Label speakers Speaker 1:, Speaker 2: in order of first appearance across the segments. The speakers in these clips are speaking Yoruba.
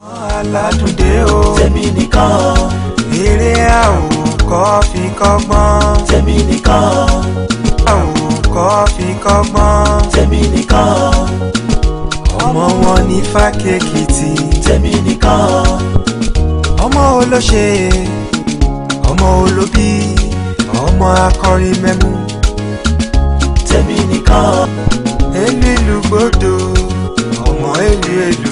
Speaker 1: aládùúdé o tèmi nìkan eré àwòkọ́ fi kọ́gbọ́n tèmi nìkan àwòkọ́ fi kọ́gbọ́n tèmi nìkan ọmọ wọn ní fákèkìtì tèmi nìkan ọmọ olóṣè ọmọ olóbí ọmọ akọrin mẹ́mú tèmi nìkan elú ìlú gbọ́dọ̀ ọmọ elú èlú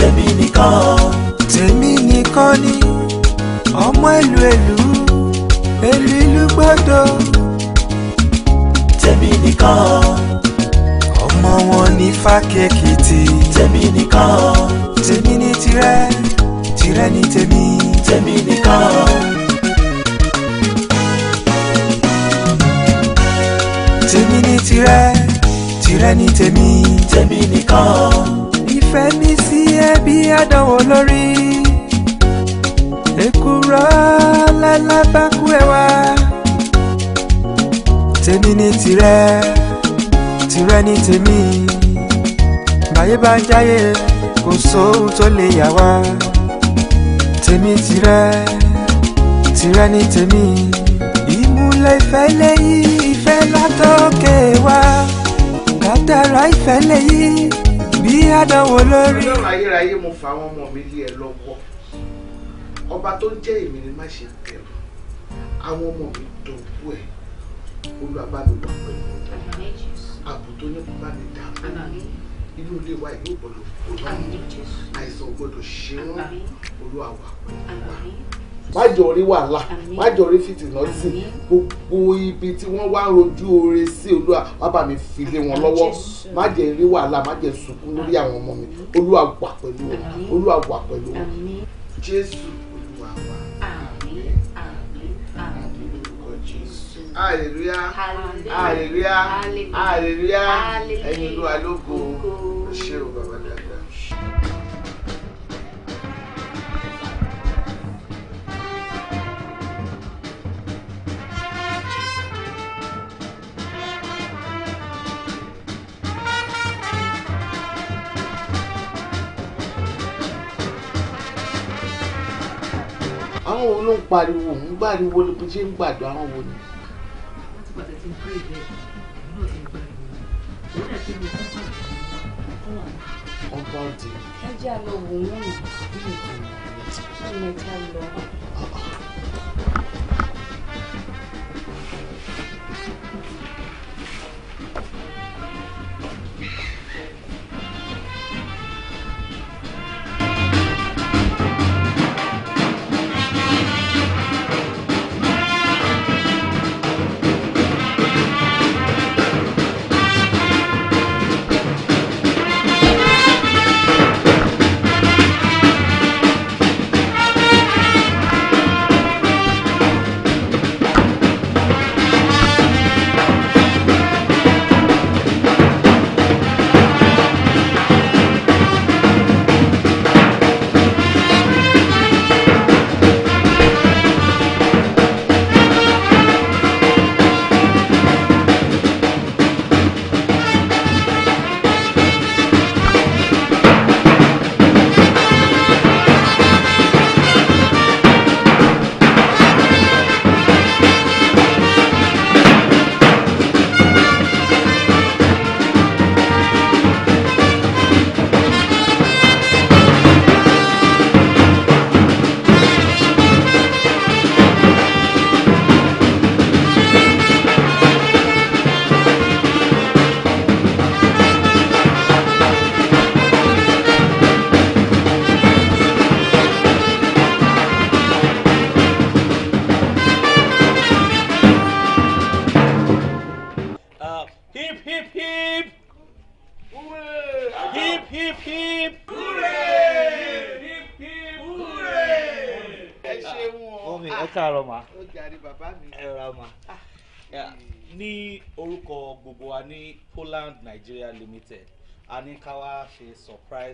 Speaker 1: tèmi nìkan. tèmi nìkan ni ọmọ ìlú èlú èlú ìlú gbọ́dọ̀. tèmi nìkan. ọmọ wọn ní fákèkìtì. tèmi nìkan. tèmi ni tirẹ̀ tirẹ̀ ni tèmi. tèmi nìkan. tèmi ni tirẹ̀ tirẹ̀ ni tèmi. tèmi nìkan. ìfẹ́ mi sí sí ẹbí àdánwò lórí èkúrọ́ lálábákú ẹwà tèmi ni tìrẹ tìrẹ ni tèmi báyé bá jáyé kò sóhun tó lè yà wá tèmi tìrẹ tìrẹ ni tèmi ìmúlẹ̀ ìfẹ́ lẹ́yìn ìfẹ́ látọ̀kẹ́ wá kádàrá ìfẹ́ lẹ́yìn bí àdánwò lórí.
Speaker 2: ọlọ́run ayérayé mo fa àwọn ọmọ mi lé ẹ lọ́wọ́ ọba tó ń jẹ́ èmi ni má ṣe bẹ̀rù àwọn ọmọ mi dọ̀bú ẹ̀ olùbábàbíwá pẹ̀lú ààbò tó ní bá mi dà inú ilé wa yóò gbọdọ̀ kó lọ́wọ́ àìsàn gbọdọ̀ ṣe wọ́n olúwa wà pẹ̀lú wa má jọ rí wàhálà má jọ rí fìtìnà sí gbogbo ibi tí wọ́n wá rojú oore sí olúwa wá bá mi fi lé wọn lọ́wọ́ má jẹ́ rí wàhálà má jẹ́ sunkún lórí àwọn ọmọ mi olúwa wà pẹ̀lú wọn olúwa wà pẹ̀lú wọn jésù
Speaker 3: olúwa wà àmín
Speaker 1: àmín
Speaker 2: àmín olùkọ́ jésù hallelujah
Speaker 1: hallelujah hallelujah ẹ̀yin olúwa
Speaker 2: lógo ṣé o bàbá dáa. àwọn òun ló ń pariwo òun gbàriwo ló ṣe ń gbàdo àwọn wo ni. ọba ọdẹ.
Speaker 4: ẹ jẹ́ àlọ́ wò wọ́n yìí.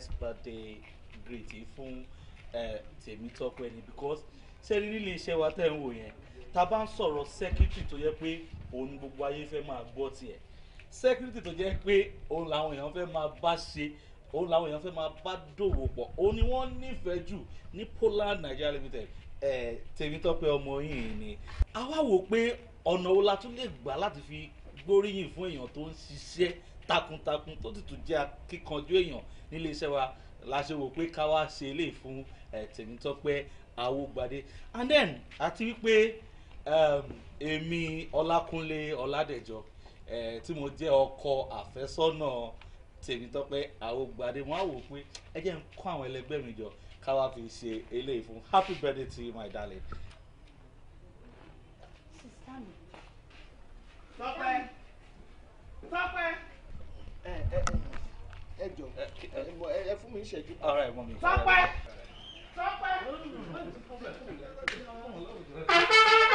Speaker 2: surprise birthday greet fún Tèmítọ́pẹ́ ni because ṣé rí nílé iṣẹ́ wa tẹ́ ń wò yẹn tá a bá ń sọ̀rọ̀ secretary tó yẹ pé òun gbogbo ayé fẹ́ máa gbọ́ tiẹ̀ secretary tó jẹ́ pé òun làwọn èèyàn fẹ́ máa bá ṣe òun làwọn èèyàn fẹ́ máa bá dòwò pọ̀ òun ni wọ́n nífẹ̀ẹ́ jù ní Polar Nigeria Limited ẹ̀ Tèmítọ́pẹ́ ọmọ yìí ni àwa wò pé ọ̀nà wo la tún lè gbà láti fi gbóríyìn fún èèyàn tó ń ṣiṣẹ́ takuntakun tó sì tún jẹ́ akíkanjú èèyàn nílé iṣẹ́ wa la ṣe wò pé ká wá ṣe eléyìí fún Tèmítọ́pẹ́ Awógbadé and then àti wípé um, èmi Ọlákúnlé Ọládẹ̀jọ tí mo jẹ́ ọkọ àfẹ́sọ́nà Tèmítọ́pẹ́ Awógbadé wọn á wò pé ẹ jẹ́ n kó àwọn ẹlẹgbẹ́ mi jọ ká wá fi ṣe eléyìí fún happy birthday to you my darling. Tọ́pẹ́. Tọ́pẹ́. All right, mommy. fún mi ìṣẹ́jú. Tọ́pẹ́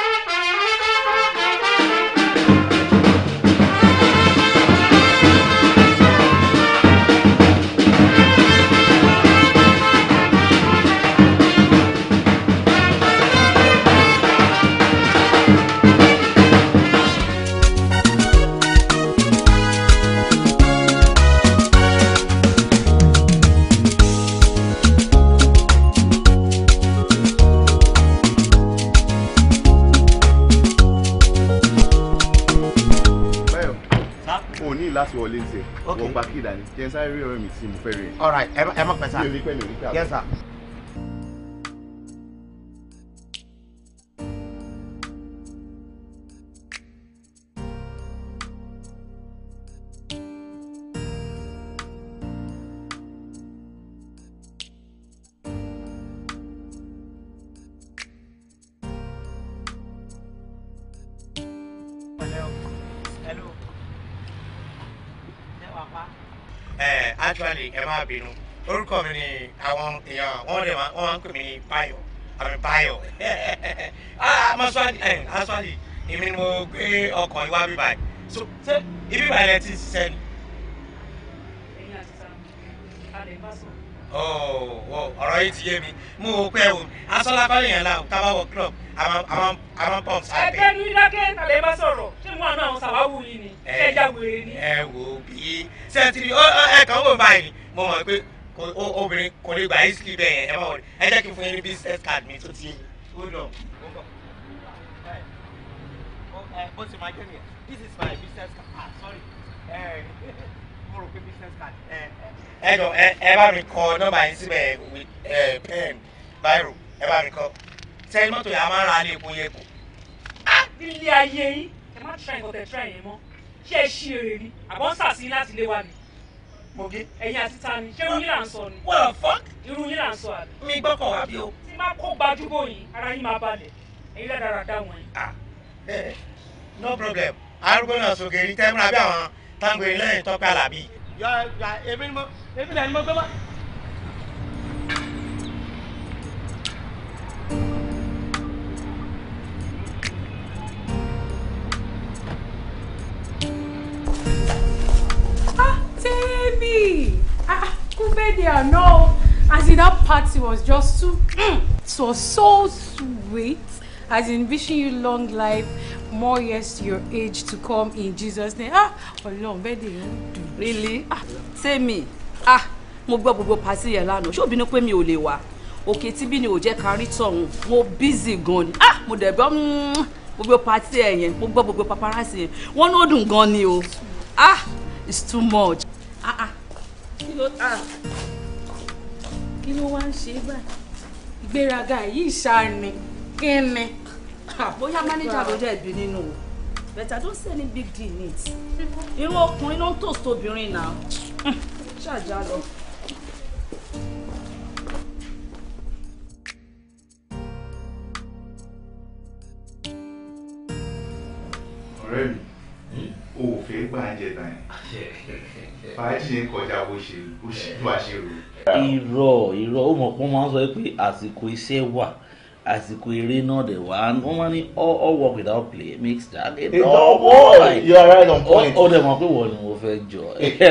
Speaker 2: wọlé ń tẹ wọ́n gba kí ìdání jẹ́ sáré rí ọ̀rẹ́ mi tí mo fẹ́ rí. all right ẹ má pẹ́ sá. mi ò ní pẹ́ mi ò ní pẹ́ àbọ̀. yes sir.
Speaker 5: má bínú orúkọ mi ni àwọn èèyàn wọn dẹ̀ wọn máa ń pè mí ní Báyọ̀ àmì Báyọ̀ ah, eh, aswadi èmi ni mo gbé ọkọ̀ ìwà bíbà yìí so ṣé
Speaker 2: ibi ìbàlẹ̀ ti ṣiṣẹ́ ni.
Speaker 1: ẹ̀yin àti sàmù a bá sọ̀rọ̀.
Speaker 2: Oh, ọ̀rọ̀ yìí ti yé mi mú o pẹ́ o asọ́lá fáyẹn la tá a bá wọ club àwọn pump sáà bẹ́ẹ̀. ẹgbẹ́ ní dákẹ́ tàlẹ́ bá sọ̀rọ̀ ṣé mo àná àwọn sàwáwù yìí ni ṣé ẹja wèrè ni. ẹ wò ó bí sẹ́ńtìrì ẹ kàn wò báyìí mo mọ̀ pé obìnrin kò lè gbà yìí sílẹ̀ bẹ́ẹ̀ ẹ má wọlé ẹ jẹ́ kí n fún yín ní business card mi tó ti yé hold on bó ti máa jẹ́ nìyẹn this is my business card ah sorry
Speaker 1: mo rò pé business card
Speaker 5: ẹ jọ ẹ ẹ bá mi kọ
Speaker 2: nọ́mbà yín síbẹ̀ ẹ pen biro ẹ bá mi kọ sẹ́yìn mọ́tò yà máa ń ra ní epo yẹ kù.
Speaker 1: nílé ayé yín ẹ má tíra ìkọ̀tẹ̀ tíra yẹn mọ́ ṣé ẹ ṣí
Speaker 2: èrè ni àbọ̀ ń sàsí láti lé wa ni. mògé. ẹ̀yin àti ta ni ṣé irun yín là ń sọ ni. what the fuck. irun yín là ń sọ àbí. mi gbọ́kàn wá bí o. tí má kó gbajúgbò yìí ara yín máa balẹ̀ ẹ̀yin ládàradà wọn yìí. ah no problem arúgbó náà sọ̀gẹ̀rì tẹ́múra bí àwọn yọ yọ
Speaker 1: Ah, good ah, ah, birthday, I know.
Speaker 4: As in, that party was just so, so, so sweet. As in, wishing you long life, more years to your age to come in Jesus name ah Ọlọ́run bẹ́ẹ̀ dè ń dùn. really ah me. ah mo gbọ́ gbogbo pàṣẹ yẹn lánàá ṣé obìnrin pé mi ò lè wá òkè tíbí ni ò jẹ́ ká rí tọ̀hún mo busy gan ni ah mo dẹ̀ bọ́ mm, gbogbo pàṣẹ yẹn mo gbọ́ gbogbo paparazzi yẹn wọ́n ló dùn gan ni o ah it's too much. ah ah kí ló ah kí ló wá ń ṣe báyìí ìgbéraga yìí ṣáà kí ni bóyá mánéjà ló jẹ́ ìbí nínú o but I don't see any big deal in it irú ọkùnrin ló ń tòṣì obìnrin náà ṣáàjá lọ.
Speaker 2: ọ̀rẹ́ mi o ò fẹ́ gbà
Speaker 1: ń jẹ náà fàájì yẹn kọjá bó ṣe bó ṣe bó ṣe rò.
Speaker 2: irọ́ irọ́ ó mọ̀ pé wọ́n máa ń sọ pé àsìkò iṣẹ́ wà àsìkò eré náà dẹ̀ wá wọ́n wá ní all oh, all oh, work without play makes that a dull boy you are right on point. ó dẹ̀ mọ̀ pé wọ́n ni mo fẹ́ jọ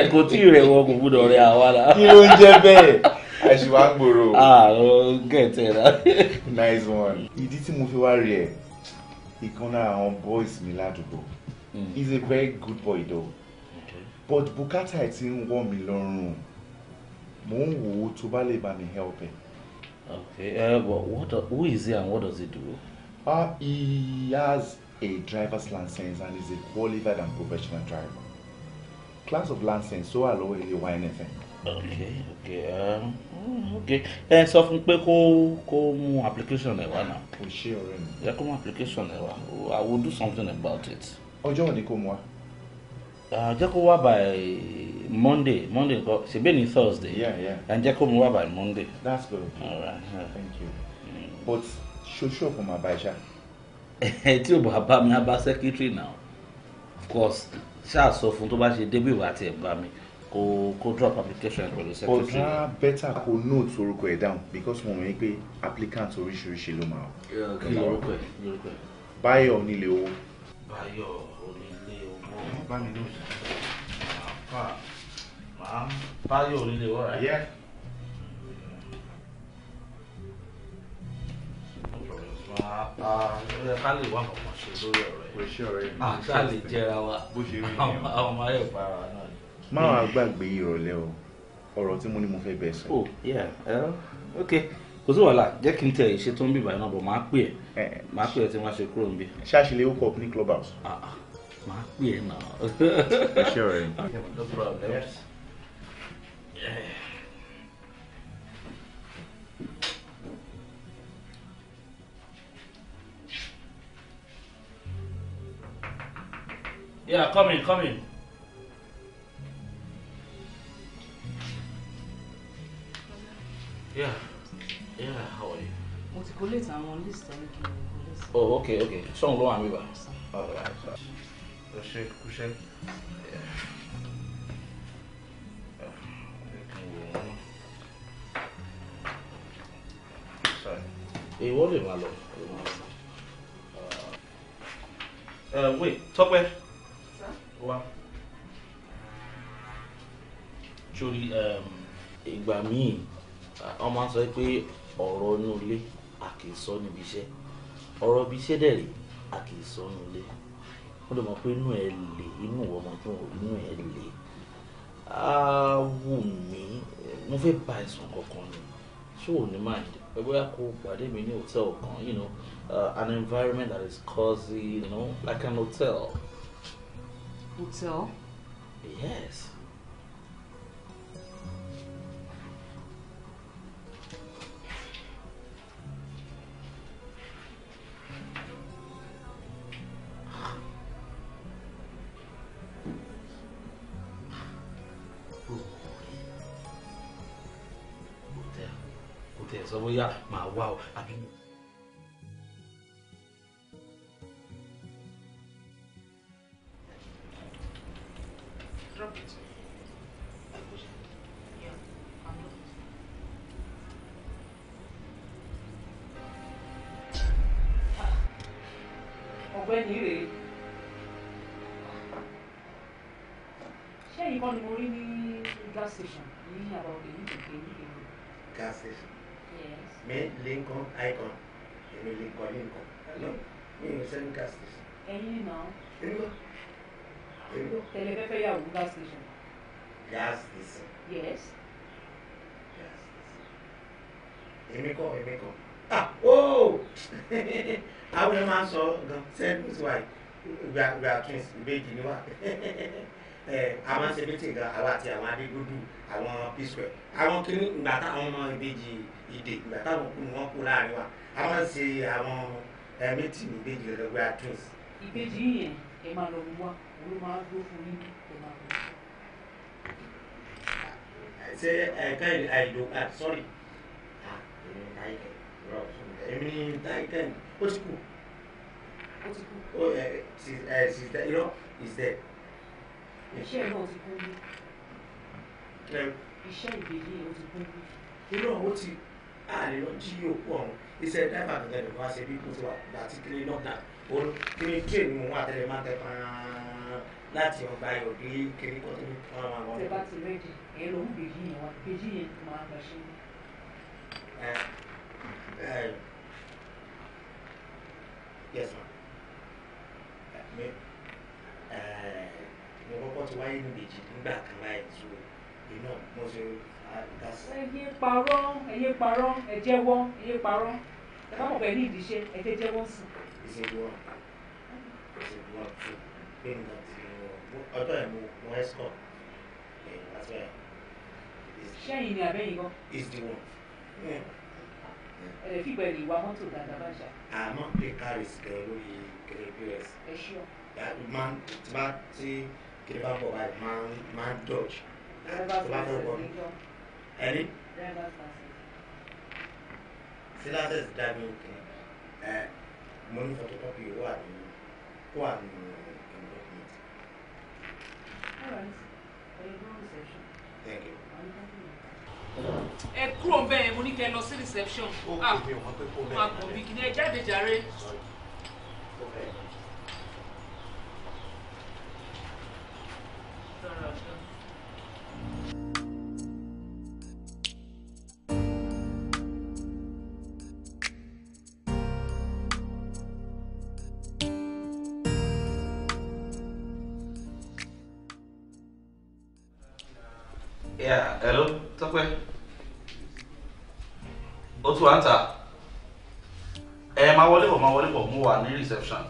Speaker 2: kò tí ì rẹ̀ wọ́n kò gbúdọ̀ rẹ̀ àwa la. kí ló ń jẹ́ bẹ́ẹ̀ àṣìwá gbòòrò. àrùn gẹ̀tẹ̀ rà. nice one ìdí tí mo fi wá rí ẹ ìkan lára àwọn boys mi ládùúgbò hmm. he's a very good boy though okay. but Bukata ẹ̀ ti ń wọ̀ mí lọ́rùn mò ń wò ó tó bá lè bá mi help ẹ̀. Okay. Uh, well, what? Who is he and what does he do? Uh, he has a driver's license and is a qualified and professional driver. Class of license so I'll always be wa Okay. Okay. Um, hmm, okay. Ẹ sọ fún pé kó kó application ẹ̀ wá náà. Kò ṣe come application ẹ̀ I will do something about it. Ọjọ́ you want to come? Jẹ́ kó wá by Monday, Monday, It's been in Thursday. Yeah, yeah. And Jacob Mwaba on Monday. That's good. All right. Yeah. Thank you. Mm. But Shosho from Abaja. Tí o bọ̀ bá mi, a bá secretary now. Of course, ṣáà sọ fún tó bá ṣe débí ìwà àti ẹ̀bá mi kó kó drop application pẹ̀lú secretary. But na
Speaker 3: better kó note orúkọ ẹ̀ down because mo mọ̀ ní pé applicant oríṣiríṣi ló máa. Kí lorúkọ ẹ̀ kí lorúkọ ẹ̀. Báyọ̀ onílé owó.
Speaker 2: Báyọ̀ onílé owó. Bá mi lóṣù. I'm value only right? Yeah. ká wá ọrụ ọrụ ọrụ gbàgbé ìrọ̀lẹ́ o ọ̀rọ̀ tí mo ní mo fẹ́ bẹ̀ sọ. oh yeah kò sí wàhálà jẹ́ kí n tẹ ìṣe tó ń náà bọ̀ máa pè ẹ́ máa pè ẹ́ tí wọ́n ṣe kúrò lè hook up ní clubhouse. Yeah, come in, come in. Yeah, yeah, how are you? list Oh, okay, okay. Song ló wà níbà. All right. Yeah. èèwọ̀ lè máa lọ. ẹ wé tọ́pẹ́ wá sórí um, ìgbà míì wọ́n máa ń sọ pé ọ̀rọ̀ inú ilé a kì í sọ níbi iṣẹ́ ọ̀rọ̀ ibi iṣẹ́ dẹ̀ rí a kì í sọ inú ilé wọ́n lè mọ̀ pé inú ẹ̀ lè inú ọmọ tó inú ẹ̀ lè á wù mí mo fẹ́ bá ẹ̀sùn kankan ni ṣé ò ní máa dé. We bóyá kò pàdé mi ní hotel you know uh, an environment that is cozy you know like an hotel. hotel. yes. tẹ̀ sọ bóyá màá wá ọ àbí mi. we are we are twins ìbejì ni wá àwọn sèbétì gan àwọn àti àwọn adégúdú àwọn píṣùwẹ̀ àwọn kìíní ìgbà táwọn ọmọ ìbejì ìdè ìgbà táwọn kú ni wọ́n kú láàrin wa àwọn ṣe àwọn eh, mẹ́tì ní ìbejì lọ́dọ̀ we twins.
Speaker 4: ìbejì yẹn ẹ máa lọ wá olú máa dúró fún yín ẹ máa
Speaker 2: ṣé ẹ̀ka àìdò sọ́rí èmi ni táìkẹ́ni ó ti kù oh ẹ sì ẹ sì tẹ irọ́ is there. iṣẹ́ náà ti kún bí. iṣẹ́ ìgbèlè ó ti kún bí. irọ́ ó ti àlejò jí òkú ọ̀hún iṣẹ́ dáìbà gẹ́gẹ́ ló wá ṣe bí kò tó wà láti kiri lọ́gà òun kiri train mu wọn àtẹlẹ máa tẹ pààrọ̀ láti ọgbà ìròdì kiri kọ́ tó ní pààrọ̀ àwọn. tẹ bá
Speaker 4: ti rẹ́dì ẹ ló ń bèjì
Speaker 2: eh, eh, Yes, ma'am ní mo eh, kọ́kọ́ ti wáyé méjì nígbà kan láì tó iná mo ṣe gàsí. Ah,
Speaker 1: ẹ yé parọ́
Speaker 4: ẹ yé parọ́ ẹ jẹ́wọ́ ẹ yé parọ́ ẹ bá pọ̀pọ̀ ẹ ní ìdíṣe ẹ jẹ́ jẹ́wọ́ sí.
Speaker 3: ìṣèlú wọn ìṣèlú wọn tún pé nǹkan ti ọjọ́ ẹ̀ mo
Speaker 2: mo escort ẹ̀yìn láti ẹ̀.
Speaker 3: sẹ́yìn ni
Speaker 4: àbẹ́yìn gan. is the one. ẹ fi pẹ̀lú ìwà mọ́tò dáadáa bá ṣá.
Speaker 2: àmọ́ pé kárí sí gan lórí
Speaker 1: pos
Speaker 2: máa tí bá tí kí bá bọ̀ báyìí máa máa dodge
Speaker 1: tó bá fẹ́ wọ
Speaker 2: ẹni sílásẹ̀s dábì òkè ẹ mo ní photocopy wà ní wà ní in document. Thank you ẹ kúrò ń bẹ́ẹ̀ mo ní kẹ́ lọ sí reception ah máa kàn mí kí ni ẹ jáde jàre. Okay. reception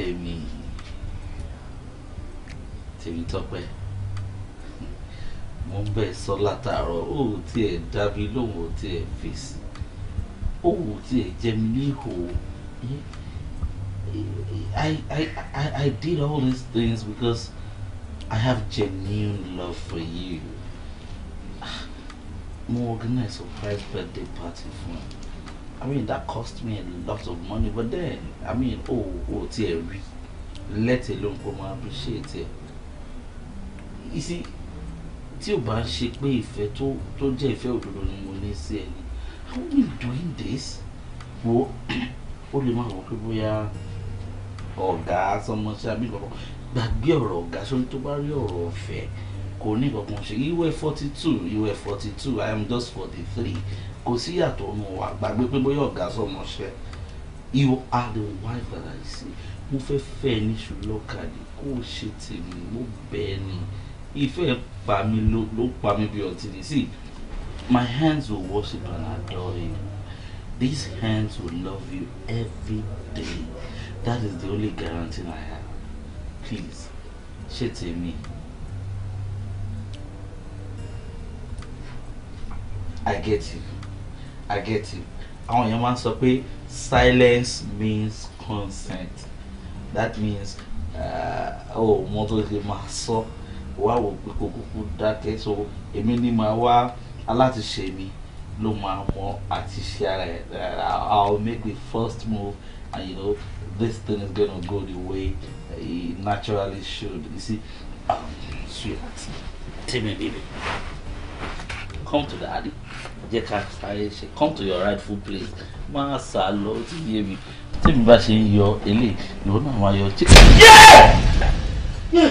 Speaker 2: tèmi tèmi tọpẹ mo ń bẹ sọ látàárọ̀ ó tiẹ̀ dábí lóun ó tiẹ̀ fèsì ó tiẹ̀ jẹ mí níhò I I I I did all these things because I have genuine love for you ah, mo organize surprise birthday party for. ẹ. I mean that cost me a lot of money but then I mean oh oh ti ẹ rí let alone for my appreciate ẹ you see tí o bá ń ṣe pé ìfẹ́ tó tó jẹ́ ìfẹ́ òdodo ni mo ní sí ẹ ni how we doing this wo ó lè máa wọ pé bóyá ọ̀gá sọmọṣẹ́ àbí ìgbàgbọ́ gbàgbé ọ̀rọ̀ ọ̀gá sórí tó bá rí ọ̀rọ̀ ọ̀fẹ́ kò ní kankan ṣe you were forty two you were forty two I am just forty three kò sí ìyàtọ̀ ọ̀nà wa gbàgbé pé bóyá ọ̀gá sọmọṣẹ́ you are the wife that I see mo fẹ́ fẹ́ ní ṣùlọ́kàdé kó o ṣe tèmi mo bẹ́ẹ̀ ni ìfẹ́ pa mi ló pa mi bí ọtí ni see my hands will worship and adore you these hands will love you every day that is the only guarantee I have please ṣe tèmi. I get you. I get it. àwọn èèyàn máa ń sọ pé silence means consent that means ó uh, mọ tó ṣe máa sọ wá wò pé kò kúkú dákẹ́ so èmi ni màá wá alátiṣe mi ló máa mọ àti ṣe ara ẹ̀ uh, I'll make the first move and you know this thing is gonna go the way it naturally should you see um, sweetheart tell come to daddy jẹ́ ká sáré ṣe come to your rightful place máa sá lọ ó ti yé mi tèmi bá ṣe ń yọ eléyìí ìwọ náà máa yọ chicken. Yeah!
Speaker 1: Yeah!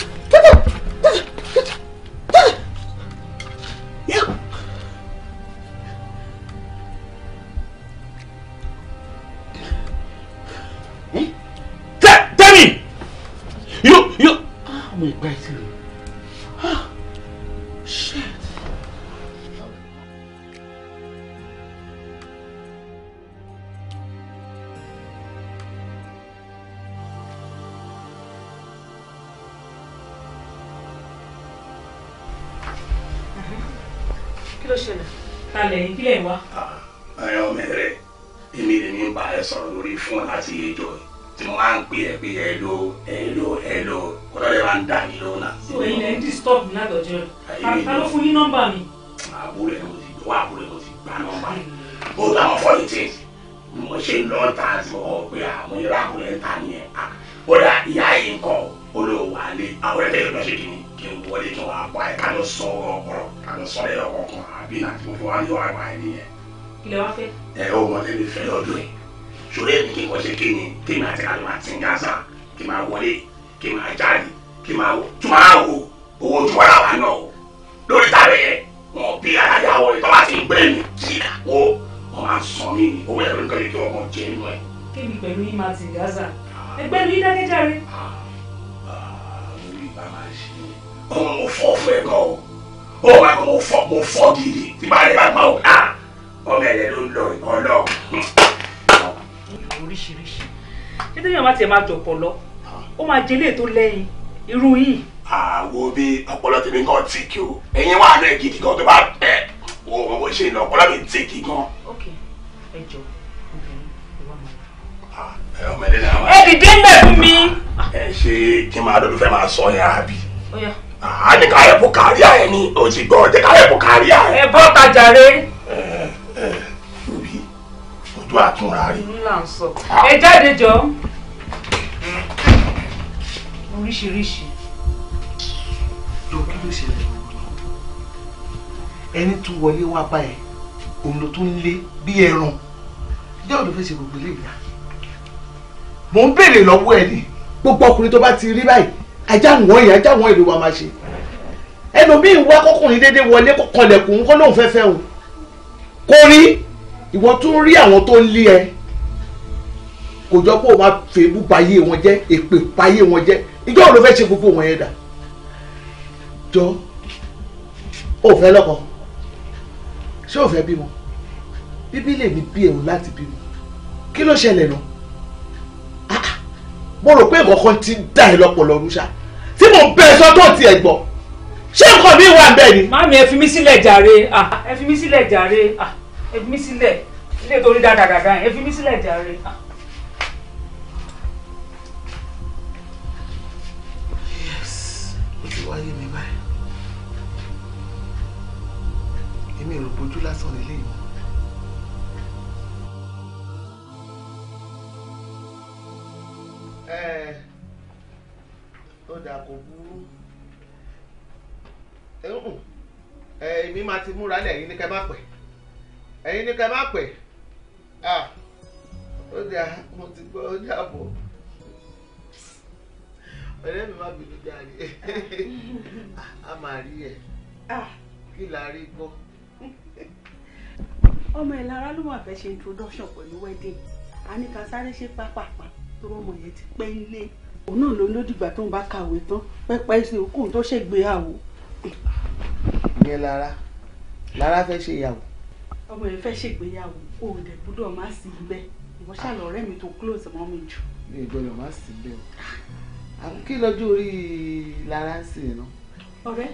Speaker 1: Yeah.
Speaker 5: ṣe náà tà sí ọ pé àwọn ìrákùnrin ẹ̀ ń ta nìyẹn ó dà ìyá yìí ń kọ́ olówó àlè àwọn ẹ̀dẹ́ yóò lọ ṣe kìíní kí n wọlé kí wọ́n á pa ẹ̀ ká lọ sọ ọkọ̀ ká lọ sọ ẹ̀rọ ọkọ̀ àbí náà tí mo fi wá yọ àgbà ẹ̀ nìyẹn. ilé wa fẹ́. ẹ ó mọ tẹ́lẹ̀ fẹ́ lọ́dún ẹ̀ ṣòro ẹ̀ kí n kọ́ ṣe kíni kí n àti àlọ́ àti ǹgàzà kí n máa wọlé kí n máa jáde kí n máa wò tún máa wò owó tún wọ́n rà wá náà lórí
Speaker 4: tàbí wọn bí alájà wọlé tó máa sàn mí ni owó ẹ̀rọ nǹkan lè jọ ọmọ jẹ inú ẹ. kébi pẹ̀lú yín máa ti gaza ẹgbẹ́ mi dákẹ́járe. Ah, ah, orí bá máa ṣe
Speaker 5: ọmọ mo fọ́ fún ẹ gan o ó wà kó mo fọ́ mo fọ́ gidi tí bá rẹ bá gbọ́ ò náà
Speaker 4: ọmọ ẹ̀rẹ ló ń lọ ìkan lọ. oríṣiríṣi nítorí àwọn àti ẹ̀ máa jọ̀pọ̀ lọ ó máa jẹ eléyìí tó lẹ́yìn irú yìí.
Speaker 5: àwọn òbí ah, ọpọlọ tèmi kan tí kí o ẹ̀yin wà ní ẹ gidi kan tó bá pẹ́ wọ́n wọ́n wọ́n ṣe ìlọ ọ̀pọ̀lá mi ti kí gan. ok ẹ jọ obìnrin ìwà máa. Ah, ẹ ọmọ ẹlẹ́ni àwọn. ẹ dìde ń bẹ̀ fún mi. ẹ ṣe kí n máa dọ́dún fẹ́ máa sọ yẹn àbí. a ah, ní ká ẹ̀bù kárí àyẹ̀ ni o ti gbọ́ ọ̀jẹ̀ ká ẹ̀bù kárí àyẹ̀. ẹ bọ́ tajà rẹ. ẹ ẹ níbi ojú àtúnra rẹ. ńlá
Speaker 4: ń sọ ah. ẹ jáde jọ
Speaker 2: oríṣiríṣi. jọ kí ló ṣẹlẹ̀ ẹni tún wọlé wá bá ẹ òun ló tún lé bí ẹran jẹ́ òdo fẹ́ ṣe gbogbo ilé ìyá mò ń béèrè lọ́wọ́ ẹ ni gbogbo ọkùnrin tó bá ti rí báyìí ajá wọn yìí ajá wọn èrè wa máa ṣe ẹlòmíín wá kọkùnrin déédéé wọlé kọlẹ̀kùn kọ́ lóun fẹ́fẹ́ o kò rí ìwọ tún rí àwọn tó ń lé ẹ kò jọ pé o máa fèébú bayé wọn jẹ́ èpè bayé wọn jẹ́ ìjọ òdo fẹ́ ṣe gbogbo wọn yẹn dà jọ òfẹ́ lọ́kọ̀ọ́ ṣé ò fẹ́ bímọ bíbí lè ní bí èèwù láti bímọ kí ló ṣẹlẹ̀ nù ah, ah. mo rò pé ìkọ̀kan ti dà ẹ́ lọ́pọ̀lọ́ rúṣà tí mò ń bẹ ẹ sọ́tọ̀ tí ẹ gbọ́ ṣé nǹkan mi wà bẹ́ẹ̀ ni. màmí ẹ fi mí sílẹ̀ jàre ah, ẹ fi mí sílẹ̀ jàre
Speaker 4: ẹ fi mí sílẹ̀ ilé torí dáadáa dáadáa ẹ fi mí sílẹ̀ jàre.
Speaker 3: mi rò bójú lásán nílé yìí.
Speaker 2: ẹ ó dà kó burú èmi máa ti múra lẹ̀ ẹ̀yin ní kẹ́ bá pẹ̀ ẹ̀yin ní kẹ́ bá pẹ̀ ó dà mo ti gbọ́ ó dà bọ̀ ọ̀rẹ́ mi má bínú jáde a máa rí ẹ̀ kí la rí gbọ́
Speaker 4: ọmọ ẹ̀ lára ló mà fẹ́ ṣe introduction pẹ̀lú wedding a ní ká sáré ṣe pápápá tó
Speaker 2: rọmọ yẹn ti pẹ́ nílé òun náà ló ló dìgbà tó ń bá kàwé tán pẹ́pẹ́ sí okùn tó ṣègbéyàwó. ìyẹn lára lára fẹ́ ṣe ìyàwó. ọmọ yẹn fẹ́ ṣègbéyàwó o ò dẹ̀ gbúdọ̀ má sí ibẹ̀ ìwọ ṣàlọ́ọ̀rẹ́ mi tó close mọ́ mi jù. mi
Speaker 3: ò gbọdọ̀ má sí ibẹ̀ o kí lọ́jọ́ orí lára ń sìn náà.
Speaker 2: ọ̀rẹ́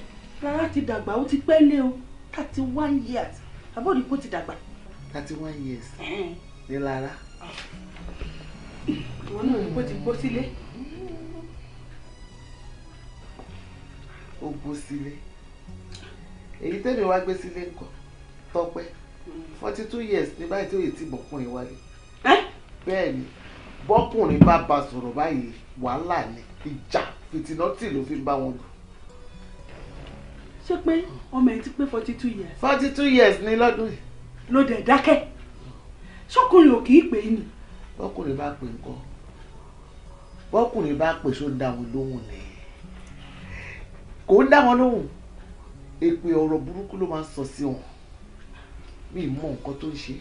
Speaker 2: lára ti dàgbà ó ti pẹ́ lé o thirty one years àbọ̀dìpọ̀ ti dàgbà thirty one years ní lára. ìwọ náà ni kó ti gbó sílé. ó gbó sílé èyí tẹ́mi wá gbé sílé nǹkan tọpẹ́ mm. forty two years ní báyìí tí òye ti bọ̀kùnrin wálé. bẹ́ẹ̀ ni bọ́kùnrin bá ba sọ̀rọ̀ báyìí wàhálà ni ìjà fìtínọ́tì ló fi ń bá wọn lò. ṣé pé ọmọ ẹ ti pé forty two years. forty two years ni lọ́dún yìí ló dẹ̀ dákẹ́ sọkùnrin ò kì í pè é nì. bọ́kùnrin bá pè ńkọ́ bọ́kùnrin bá pè só dá wọn lóhùn ni kò ń dá wọn lóhùn èpè ọ̀rọ̀ burúkú ló máa ń sọ sí wọn mi ì mọ nǹkan tó ń ṣe.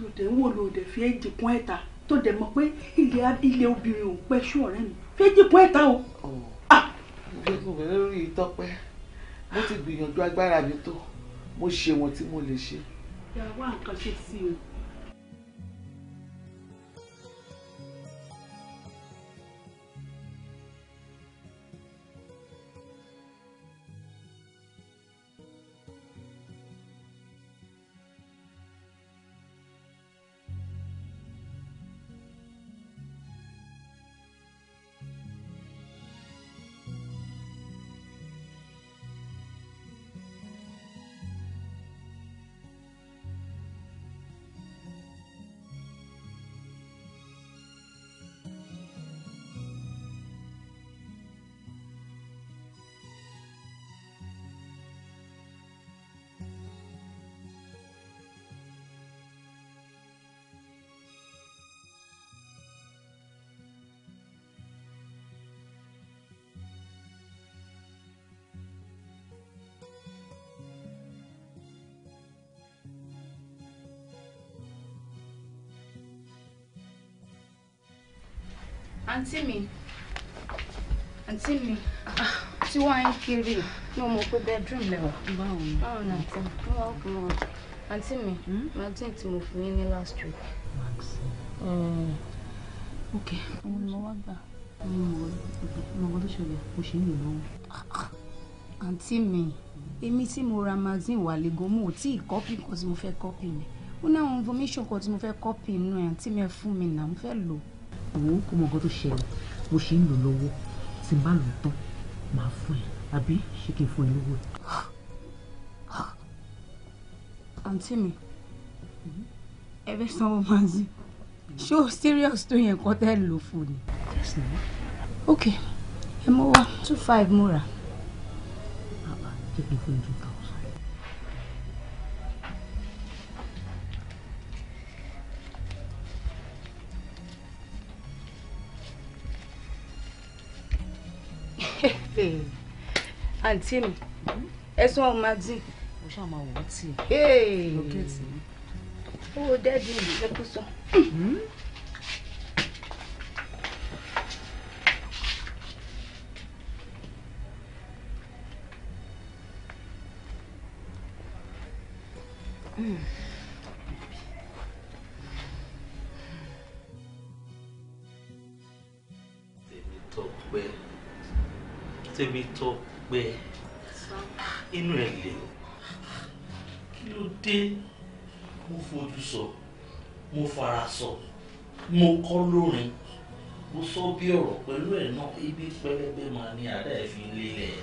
Speaker 2: lòdè ń wò lòdè fi éjì kún ẹ̀ta tó dẹ̀ mọ̀ pé ilé obìnrin ò pẹ́ ṣú ọ̀rẹ́ mi fi éjì kún ẹ̀ta o. ọ̀ọ́ ìgbésùn rẹ̀ lórí ìtọ́pẹ́ mo ti gbìyànjú agbára mi tó mo ṣe wọn tí mo lè ṣe.
Speaker 4: ìyàwó àǹkan ṣe sí o. àǹtí mi àǹtí mi tí wọ́n ń kiri ní ọmọ pé bedroom lẹ́wà. báwo ni báwo ni àǹtí mi wọ́n wá kó àǹtí mi martin hmm? tí mo fún yín ní last week. Eh, ok òun ni mo wá gbà. mo mọ̀ ọ́ tó ṣẹlẹ̀ mo ṣì ń lò lọ́wọ́. àǹtí mi èmi tí mo ra magazine wà lẹ́gọ́ mo ò tí ì kọ́pì kan tí mo fẹ́ kọ́pì mi ó ní àwọn information kan tí mo fẹ́ kọ́pì inú ẹ̀ àǹtí mi ẹ̀ fún mi náà mo fẹ́ lò ó
Speaker 2: wo ọmọ nǹkan tó ṣẹlẹ̀ bó ṣe ń lò lọ́wọ́ tí n bá lò tán màá fún ẹ
Speaker 1: àbí ṣé kí n fún ẹ lówó.
Speaker 4: àǹtí mi ẹ fẹ́ sanwó manzi ṣé o serious tó yẹn kọ́ tẹ́ lò fún ni. ok ẹ mọ wá two five mo jẹ́ kí n fún ẹ jù. àǹtí mi ẹ̀sùn ọ̀hún máa dín. mo ṣáà máa wò ó tì í. ó dẹ́ẹ̀dì ìlú ẹ̀kú sọ. Hmm?
Speaker 2: inú ẹ lè o
Speaker 1: kí ló dé
Speaker 2: mo fojú sọ mo fara sọ mo kọ́ lórin mo sọ bí ọ̀rọ̀ pẹ̀lú ẹ̀ náà ibi pẹlẹbẹ máa ní àdá ẹ̀ fi lélẹ̀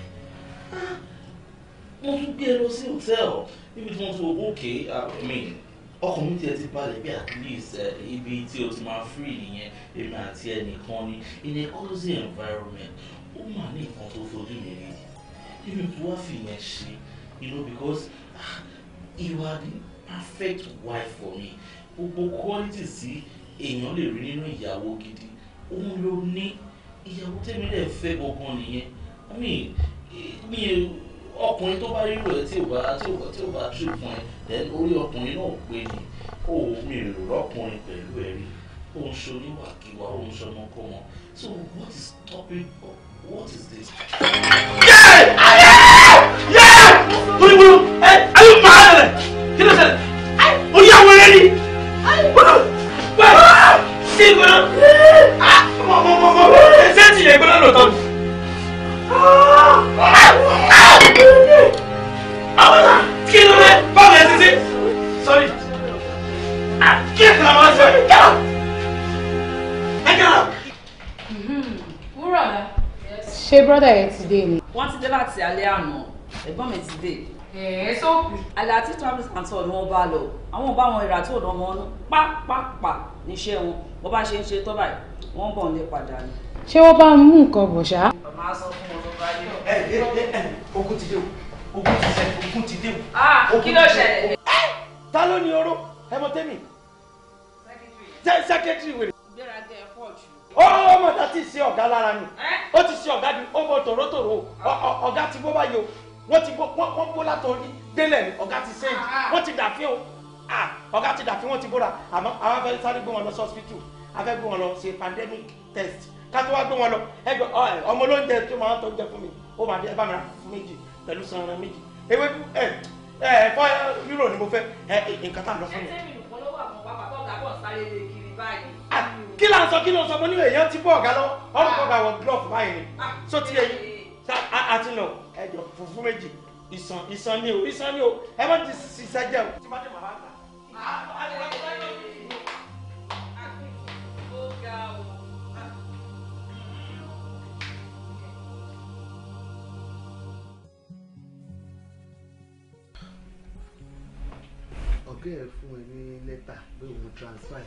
Speaker 2: ah! mo tún gbé e lọ sí hòtẹ́ẹ̀lì níbi tí wọ́n ti wọ́n òkè ọkàn mi tiẹ̀ ti balẹ̀ bí at least ibi tí o ti máa free nìyẹn èmi àti ẹnìkan ni in a cozy environment ó mà ní nǹkan tó fojú mi rí kí ni tí wọ́n fi yẹn you know because ah, you are the perfect wife for me gbogbo quality sí èèyàn lè rí nínú ìyàwó gidi òun ló ní ìyàwó tẹ́mi lè fẹ́ gbọ̀ngàn nìyẹn i mean mi ọkùnrin tó bá rírò ẹ tí ò bá tí ò bá tí ò bá tù fún ẹ then orí ọkùnrin náà pé ni ó mi rò rọkùnrin pẹ̀lú ẹ rí òun ṣoníwàkiwà òun ṣọmọkọmọ
Speaker 5: so what is stopping up What is this? Yeah!
Speaker 1: Yeah! Yeah! Are you mad? Kí ló ṣẹlẹ̀?
Speaker 4: aláàtì travis anton ni wọ́n bá lọ àwọn bá wọn ìrà tó dán wọn nú pápápá níṣẹ́ wọn bó bá ṣe ń ṣe tọ́ báyìí
Speaker 2: wọ́n bọ̀ ní padà ni.
Speaker 4: ṣé wọ́n bá ń mú nǹkan bọ̀ ṣá.
Speaker 2: màmá sọ fún wọn tó bá yẹ. ẹ ẹ ẹ ogun ti dé o ogun ti ṣe ogun ti dé o. ah kí ló ṣẹlẹ̀. ta ló ní oró ẹ mọ tẹ́mi. sẹ́kẹ́tìrì. sẹ́kẹ́tìrì wèrè.
Speaker 4: ìgbéraga ẹ̀ pọ̀ jù
Speaker 2: ó ọmọ ta ti ṣe ọ̀gá lára ni ó ti ṣe ọ̀gá ni ó mọ tòrótòró ọ̀gá ti bó báyìí o wọ́n ti bó wọ́n bó látọ̀rí délẹ̀ ni ọ̀gá ti sẹ́yìn ah, ah. wọ́n ti dàfín o ah, ọ̀gá ti dàfín wọ́n ti bóra àmọ́ àwọn abẹ́rẹ́ sáré gbé wọn lọ sọ́sìpítù afẹ́ gbé wọn lọ ṣe pandemic test kátó wá gbé wọn lọ ẹgbẹ́ ọmọ olóúnjẹ tó máa ń tọ́ jẹ fún mi ó máa dé ẹ bá mi ra méjì pẹ̀lú sanra méjì ewé ẹ ẹ fọ euro ni mo fẹ́ ẹ nǹkan tá a lọ fún mi. kí là ń sọ kí ló ń sọ mo nílò èèyàn ti bọ́ ọ̀gá lọ ọ̀rùn kọ́ga wọ glove báyìí ni so ti ẹyin àti eh, eh, eh. nà ẹjọ fùfú méjì ìsàn ìsàn ni o ìsàn ni o ẹ má ti ṣiṣẹ́ jẹ́ o. tí má dé màá gbà.
Speaker 4: ọ̀gá
Speaker 3: ẹ̀ fún ẹ ní lẹ́tà pé òun transfer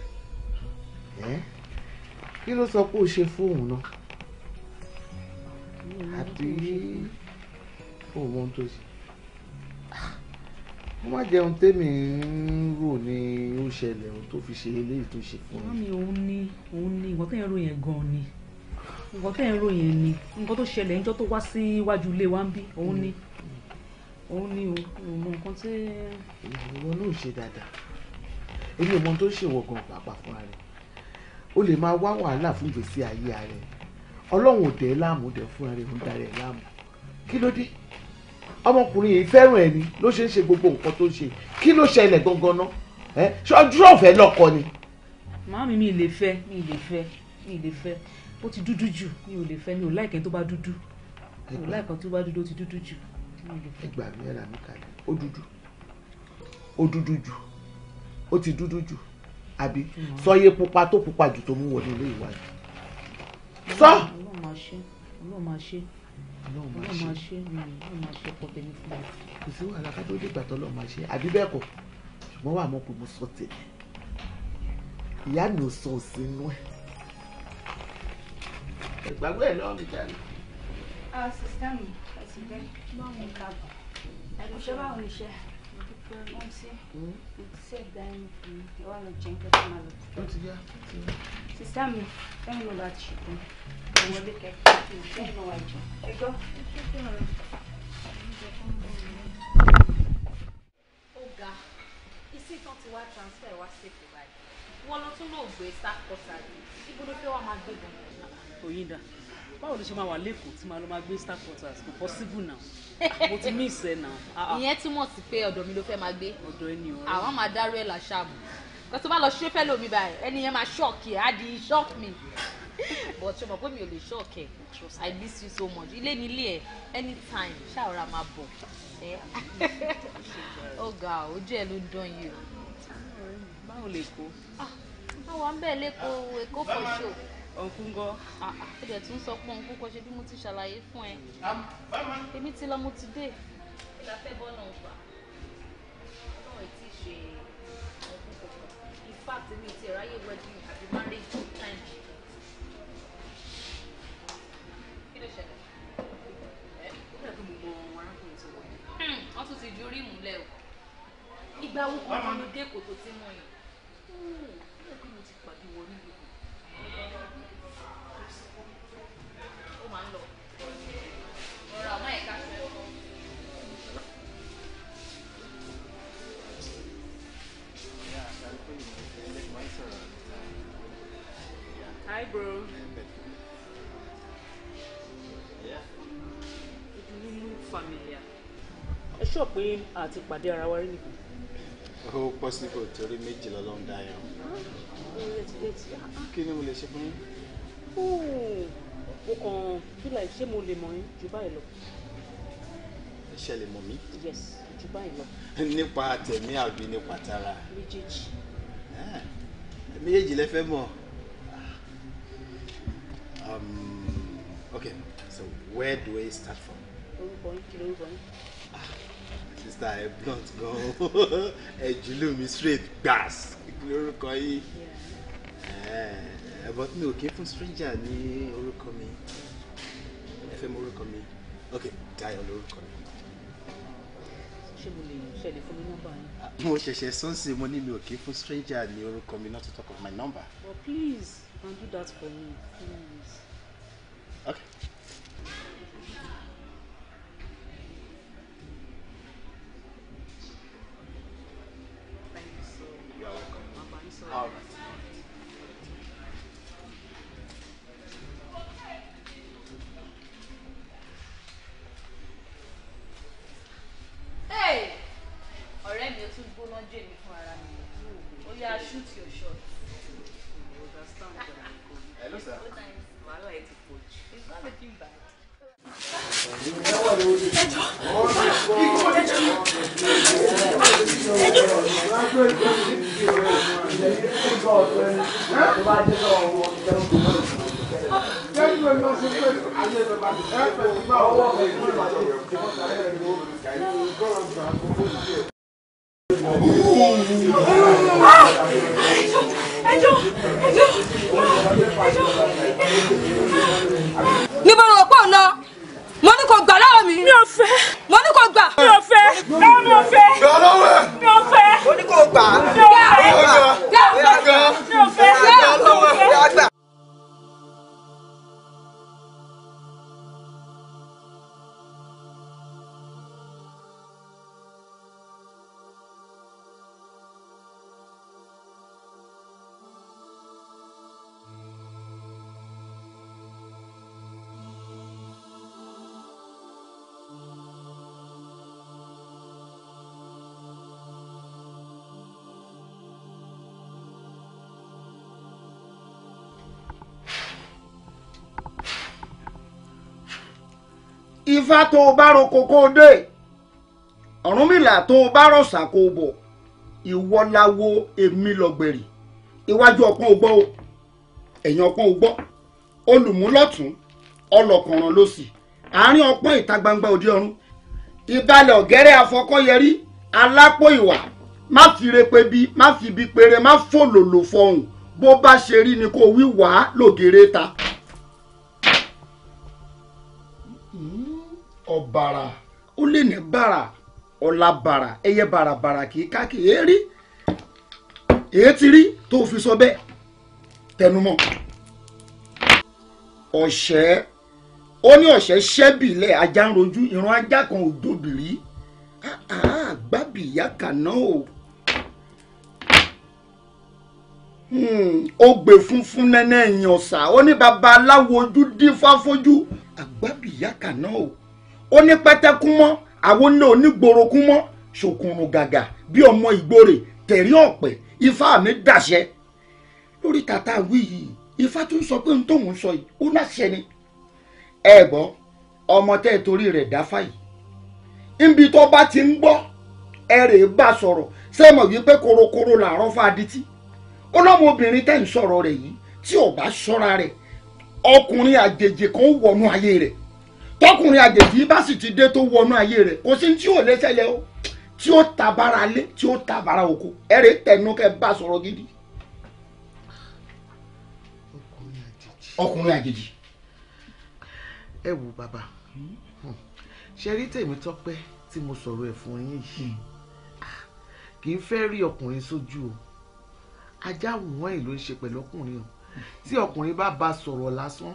Speaker 2: ẹ̀ kí ló sọ pé o ṣe fóònù náà àbí òun tó ṣe mo má jẹun tèmi ń rò ní ó ṣẹlẹ̀ ohun tó fi ṣe eléyìí tó ṣe fún mi.
Speaker 4: mami òun ni òun ni nǹkan tẹ́yìn rò yẹn gan-an ni nǹkan tẹ́yìn rò yẹn ni nǹkan tó ṣẹlẹ̀ níjọ́ tó wá sí iwájú ilé wa ń
Speaker 2: bí òun ni òun ni o mọ nǹkan tí. ìwọ náà ṣe dáadáa èmi ò mọ tó ṣe ìwọ gan pàápàá fúnra rẹ o lè máa wá wàhálà fún ìgbésí ayé rẹ ọlọ́run ò dẹ̀ láàmú dẹ̀ fúnra rẹ ò ń darẹ̀ láàmú kí ló dé ọmọkùnrin yìí fẹ́ràn ẹni ló ṣe ń ṣe gbogbo nǹkan tó ń ṣe kí ló ṣẹlẹ̀ gangan ná ẹ ṣojú ọ̀fẹ́ lọ́kọ ni.
Speaker 4: màámi mi lè fẹ́ mi lè fẹ́ mi lè fẹ́ ó ti dúdú jù mi ò lè fẹ́ mi ò láìkẹ́ tó bá dúdú mi ò láìkẹ́ tó bá dúdú ó ti
Speaker 2: dúdú jù mi ò lè fẹ́. ẹgbàá mi ẹ̀rà mi kalẹ̀ ó dúdú ó dúdú jù ó ti dúdú jù àbí sọyé pupa tó pupa jù tó mú wọlé ilé ìwà
Speaker 4: sọ. ọlọ́run máa ṣe ọlọ́run máa ṣe ọlọ́run máa ṣe mm, ọlọ́run máa ṣe ọkọ bẹni fún mi.
Speaker 2: kò sí wàhálà ká tó dìgbà tó ọlọ́run máa ṣe àbí bẹ́ẹ̀ kọ́ ṣùgbọ́n wàá mọ̀ pé mo sọ tèmi ìyá mi ò sọ òsínú ẹ̀. ìgbàgbọ́ ẹ̀ lọ́wọ́ mi jáde.
Speaker 1: a ah, sista mi ẹsì
Speaker 4: bẹ bá wọn kábọ àìmọṣẹ báwọn iṣẹ wọn ti ṣe ìgbà ẹni fún mi ìwà lọ jẹun kẹta máa lọ. sista mi fẹ́mi ló bá ti ṣùgbọ́n wọlé kẹfẹ́ ìṣẹ́nu ẹ̀jọ̀ ẹjọ́. ó ga iṣẹ́ tán ti wá transfer wá sí èkó báyìí wọ́n ló tún lóò gbé sákọ̀sà yìí ibo ló fẹ́ wá máa gbé gan-an. Oyinda báwo ló ṣe máa wà lẹ́kọ̀ọ́ tí màá lọ máa gbé star quarters kò possible now mo ti mí ìsẹ́ now. Ah, ah. ìyẹn túmọ̀ sí pé ọ̀dọ̀ mi ló fẹ́ máa gbé àwọn máa dárú ẹ̀ làṣàbù kò tó bá lọ ṣe fẹ́ lómi báyìí ẹni yẹn máa ṣọ́ọ̀kì ẹ̀ á di shock me but ṣọmọ pé mi ò lè ṣọ́ọ̀kẹ́ i miss you so much ilé ní ilé ẹ anytime ṣàwòrán máa bọ̀ ẹ ọgá ojú ẹ ló ń dán yìí o báwo lè kó. Ah, àwọn ń bẹ̀ lẹ́kọ̀ọ́ èkó for show. ònkúngọ́. ẹ ah, ah, dẹ̀ tún sọ pé ònkúngọ́ ṣe bí mo ti ṣàlàyé fún ẹ. èmi ti lọ mo ti dé. ìlà fẹ́ bọ́ náà gbà náà ì tí ì ṣe ònkúngọ́ in fact èmi ti ráyè wedding àbí marriage. ìgbà wo kò ní dé kòtò tí mo yàn ó lè pé mo ti pàdé wọ níbi kan ó máa ń lọ ọ̀rọ̀ àmọ́ ẹ̀ka fẹ́ kọ́.
Speaker 1: Hi, bro. Yeah. It familiar.
Speaker 4: Ẹ ṣọ́ pé a ti pàdé ara wa rí nìkan
Speaker 3: pé ó possible torí méjì lọ́lọ́ ń kí ni mo lè ṣe fún yín.
Speaker 4: mo kàn feel like ṣé mo lè mọ̀ yín jù báyìí lọ.
Speaker 2: ṣe lè mọ̀ mí. yes jù báyìí lọ. nípa tẹ̀mí àbí nípa tara. méjèèjì. Ah, méjèèjì lẹ fẹ́ mọ̀.
Speaker 3: Um, okay, so where do we start from? orúkọ
Speaker 4: yín kí lorúkọ yín
Speaker 3: sista ẹ blunt gan ẹ jùlù mi straight gbas ìpín orúkọ yìí ẹ but mi ò kí fún stranger ní orúkọ mi ẹ fẹ́ mọ orúkọ mi ok Táyọ̀
Speaker 2: lórúkọ mi.
Speaker 4: ṣé mo lè ṣe lè fún
Speaker 2: ah, ṣẹ̀ṣẹ̀ sọ́ọ̀sì mo ní mi ò kí fún stranger ní orúkọ mi not to talk of my number.
Speaker 4: but please can do that for me please. okay.
Speaker 2: ifá tó o bá roko kó o dé ọ̀rúnmìlà tó o bá rọ̀ṣà kó o bọ̀ ìwọ láwo èmi lọ́gbẹ̀rì iwájú ọpọ́n o gbọ́ o ẹ̀yìn ọpọ́n o gbọ́ olùmúlọ́tún ọlọ́kànràn ló sì àárín ọpọ́n ìta gbangba òde ọ̀run ìbalẹ̀ ọ̀gẹ́rẹ́ afọkọ́yẹrí alápò ìwà má fi repe bí má fi bí péré má fòlòlò fọhùn bó bá ṣe rí ni kò wí wàá lògèrè ta. ọ̀bàrà ó lè ní bàrà ọ̀la bara ẹyẹ bàràbàrà kì í ká kì í rí èé ti rí tó fi sọ bẹ́ẹ̀ tẹnumọ́ ọ̀ṣẹ́ ó ní ọ̀ṣẹ́ ṣẹ́bìlẹ̀ ajá ń rojú ìran ajá kan ò dòbìrí gbábìyá kàná o hmm, ó gbè funfun nẹ́nẹ́ ẹ̀yìn ọ̀sà ó ní baba aláwo ojú dífá fojú àgbábìyá kàná o ó ní pátákú mọ́ àwọn náà onígbòrokú mọ́ ṣòkùnrùn gàgà bí ọmọ ìgbòrè tẹ̀rí ọ̀pẹ ifá mi dàṣẹ lórí tàtà wí yìí ifá tún sọ pé ohun tóun sọ yìí ó láṣẹ ni ẹ gbọ́ ọmọ tẹ́ ẹ torí rẹ̀ dáfà yìí níbi tó bá ti ń gbọ́ ẹ rè é bá sọ̀rọ̀ sẹ́mọ̀ wípé korokoro làárọ̀ fàdítì ó lọ́mọbìnrin tẹ́ ń sọ̀rọ̀ rẹ̀ yìí tí ò bá ṣọ́ra rẹ̀ ọkùnrin àjèjì kan wọnú ayé rẹ̀ tọkùnrin àjèjì bá sì ti dé tó wọnú ayé rẹ̀ kò sí tí ò lè ṣẹlẹ̀ o tí ó ta bara lé tí ó ta bara oko ẹ̀rẹ́ tẹnu kẹ́ bá sọ̀rọ̀ gidi. ọkùnrin àjèjì. ẹ wo bàbá ṣe rí tèmi tọ́pẹ́ tí mo sọ̀rọ̀ ẹ̀ fún yín yìí kì í fẹ́ rí ọkùnrin sójú o ajá wùwọ́n ẹ̀ ló ń ṣe pẹ̀lú ọkùnrin o tí ọkùnrin bá ba sọ̀rọ̀ lásán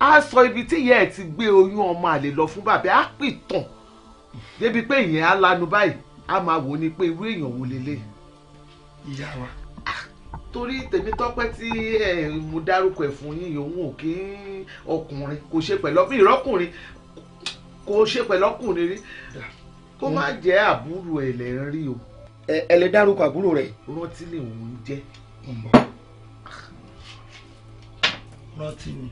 Speaker 2: á sọ ibi tí ìyá ẹ̀ ti gbé oyún ọmọ àlè lọ fún bàbá á pìtàn débi pé ìyẹn á lanu báyìí á máa wò ni pé irú èèyàn wo lélẹ̀. ìyá wa. torí Tèmítọ́pẹ́ tí mo dárúkọ ẹ̀ fún yín òun ò kí ọkùnrin kò ṣe pẹ̀lú ọkùnrin ìrọ́kùnrin kò ṣe pẹ̀lú ọkùnrin rí kó má jẹ́ àbúrò ẹ̀ lẹ́ ń rí o. ẹ lè dárúkọ àbúrò rẹ. rántí lè òun jẹ́. rántí ni.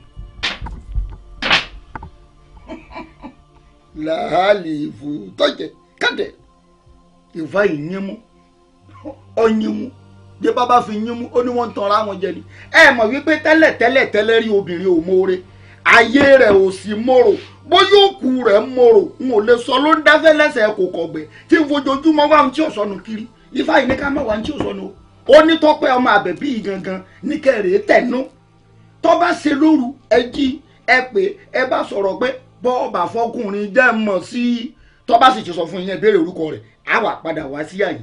Speaker 2: lahalivu tọjẹ kẹdẹ ìfà yìí yínmú ọyínmú bí bàbá fi yínmú ó ní wọ́n ń tanra wọn jẹ ni ẹ mọ̀ wípé tẹ́lẹ̀ tẹ́lẹ̀ tẹ́lẹ̀ rí obìnrin ò mọ̀ọ́re ayé rẹ̀ ò sí mọ̀rọ̀ bóyá òkú rẹ̀ mọ̀rọ̀ n ò lè sọ ló ń dáfẹ́ lẹ́sẹ̀ kò kọ̀gbẹ́ tí n fojoojúmọ́ wá ohun tí ò sọnù kiri ìfà yìí ní ká má wá ohun tí ò sọnù o ó ní tọ́pẹ́ ọmọ àbẹ̀bí yìí gangan ní kẹrẹ̀ẹ́ tẹ̀nú tọ́ ṣe lóru ẹ jí ẹ bá sọ̀rọ̀ pé bọ́ọ̀bà fọkùnrin jẹ́ mọ̀ sí tó bá sì ti sọ fún yín béèrè orúkọ rẹ̀ á wà padà wá sí àyè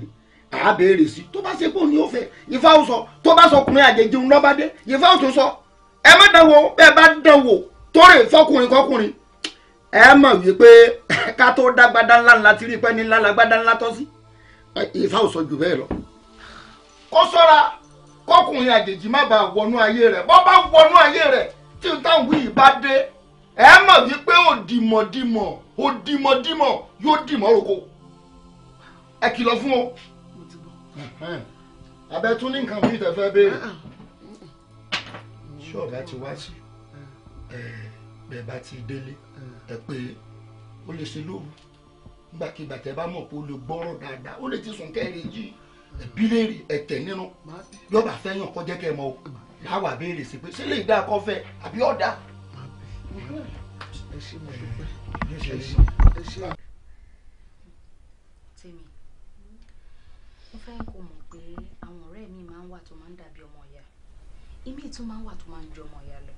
Speaker 2: á béèrè sí tó bá ṣe pé òun yóò fẹ́ Ifá ó sọ tó bá sọ ọkùnrin àjèjì ń lọ́ba dé Ifá ó tún sọ ẹ má dánwò bẹ́ẹ̀ bá dánwò tóórè fọkùnrin kọkùnrin ẹ mọ̀ wípé ká tó dágbádá ńlá ńlá ti rí pẹ́ ní ńlá lágbádá ńlá tọ́ sí Ifá ó sọ jù bẹ́ẹ̀ lọ kó sọ́ra kọkùnrin àjèjì má bàa wọnú ayé rẹ̀ bọ́ bá wọnú ayé rẹ̀ tí táwọn yìí bá dé ẹ mọ̀ wípé òdìmọ̀dìmọ̀ òdìmọ̀dìmọ̀ yóò dìmọ̀ roko ẹ kìlọ̀ fún o abẹ tún ní nǹkan bíi tẹfẹ béèrè ṣé ọ̀gá ti wá sí bẹ́ẹ̀ bá ti délé ẹ pé ó lè ṣe lóru nígbàkigbà tẹ bá mọ̀ pé ó lè gbọ́rọ̀ dáadáa ó lè ti sùn kẹ́rin yìí ẹbí léèrè ẹ̀tẹ̀ nínú yọba fẹ́yàn kọjá kẹ́ ẹ mọ̀ o láwa béèrè sí pé ṣé lè dá akọ́fẹ́ àbí ọ̀dà
Speaker 1: ẹ
Speaker 2: ṣé mo dúpẹ́ ẹ ṣé ẹ ṣé. tèmi
Speaker 4: mo fẹ́ kó mọ̀ pé àwọn ọ̀rẹ́ mi máa ń wà tó máa ń dàbí ọmọ ìyá ìmí tún máa ń wà tó máa ń ju ọmọ ìyá lọ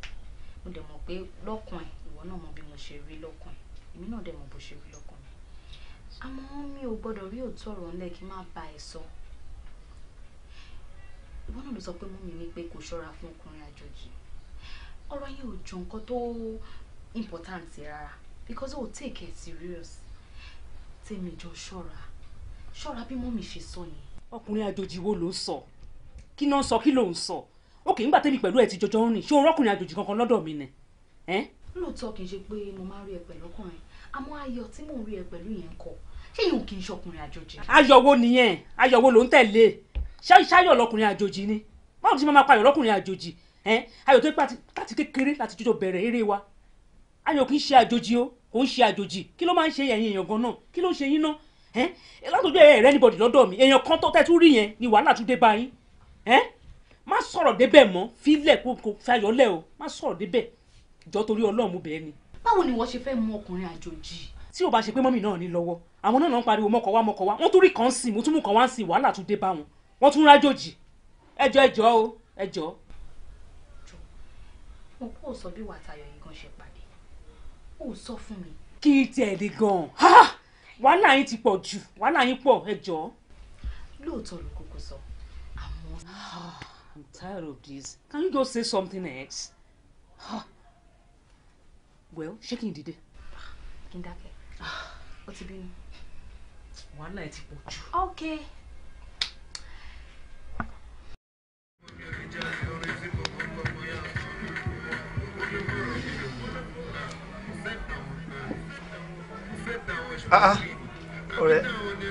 Speaker 4: mo dẹ̀ mọ̀ pé lọ́kàn ẹ̀ ìwọ náà mọ bí mo ṣe rí lọ́kàn ẹ̀ èmi náà dẹ̀ mọ̀ bó ṣe rí lọ́kàn mi àmọ́ mi ò gbọ́dọ̀ rí òótọ́ ọ̀rọ̀ ńlẹ̀ kí n má ba ẹ̀ sọ ìwọ náà ló sọ pé mú mi ní pé kò ṣọ́ra fún ọkùnrin àjòjì ọ̀rọ̀ yẹn ò jọ nǹkan tó important rárá because ó take it serious tèmi jọ ṣọ́ra ṣọ́ra bí mọ́mì ṣe sọ yẹn.
Speaker 1: ọkùnrin àjòjì
Speaker 4: wo ló ń sọ kí náà ń sọ kí ló ń sọ òkè ńgbà tèmi pẹ̀lú ẹ̀ ti jọjọ rìn ṣé òun rọ́kùnrin àjòjì kankan lọ́dọ̀ mi ni. lóòótọ́ kì í ṣe pé mo máa ń rí ẹ pẹ̀lú ọkùnrin àmọ́ ayọ̀ tí mò ń rí ẹ pẹ̀lú yẹn kọ́ ṣé yóò kì í ṣọkùnrin àjòjì. ayọ̀ wo nìyẹn ayọ̀ wo ló ń tẹ̀lé ṣáyọ̀ lọkùnrin àjòjì ni báwo ti máa payọ̀ lọkùnrin àjòjì ayọ̀ tó ń pàtì láti
Speaker 2: kékeré láti jọjọ bẹ̀rẹ̀ eré wa ayọ̀ kì í ṣe àjòjì o ò ń ṣe àjòjì kí ló máa ń ṣe ẹ̀yin èèyàn gan náà kí ló ń ṣe yín náà látọjọ́ ẹ rẹ anybody lọ́dọ̀ mi èèyàn kan tó tẹtú rí yẹn ni wàhálà tún dé bá yín má sọ̀rọ̀ débẹ̀ mọ́ fílẹ̀ kó fayọlẹ̀ o
Speaker 4: má sọ̀rọ̀ débẹ̀ jọ torí Ọlọ́run mú bẹ́ẹ̀ ni. báwo ni wọ́n ṣe fẹ́ mú ọkùnrin àjòjì. tí o bá ṣe pé
Speaker 2: mọ́mì náà ní lọ́wọ́ àwọn náà ń pariwo mọ́kọ̀ wá mọ́kọ̀ wá wọ́n tún rí kàn sí mo tún mú kàn wá sí wàhálà tún dé bá wọn wọ́n tún rájòjì ẹjọ́ ẹjọ́ o ẹjọ́
Speaker 4: mo kó o sọ bí wàtayọ yìí gan ṣe pàdé o sọ fún mi. kí tiẹ̀ lè gan wàhálà yín ti pọ̀ jù wàhálà yín pọ̀ ẹ jọ. lóòótọ́ ló kókó sọ àmọ́. Ah, I'm tired of this can you just say something else. well ṣé kí n dìde. kí n dákẹ́ ó ti bínú. wàhálà ẹ ti pọ̀ jù. okay.
Speaker 2: Ah, ah. ọ̀rẹ́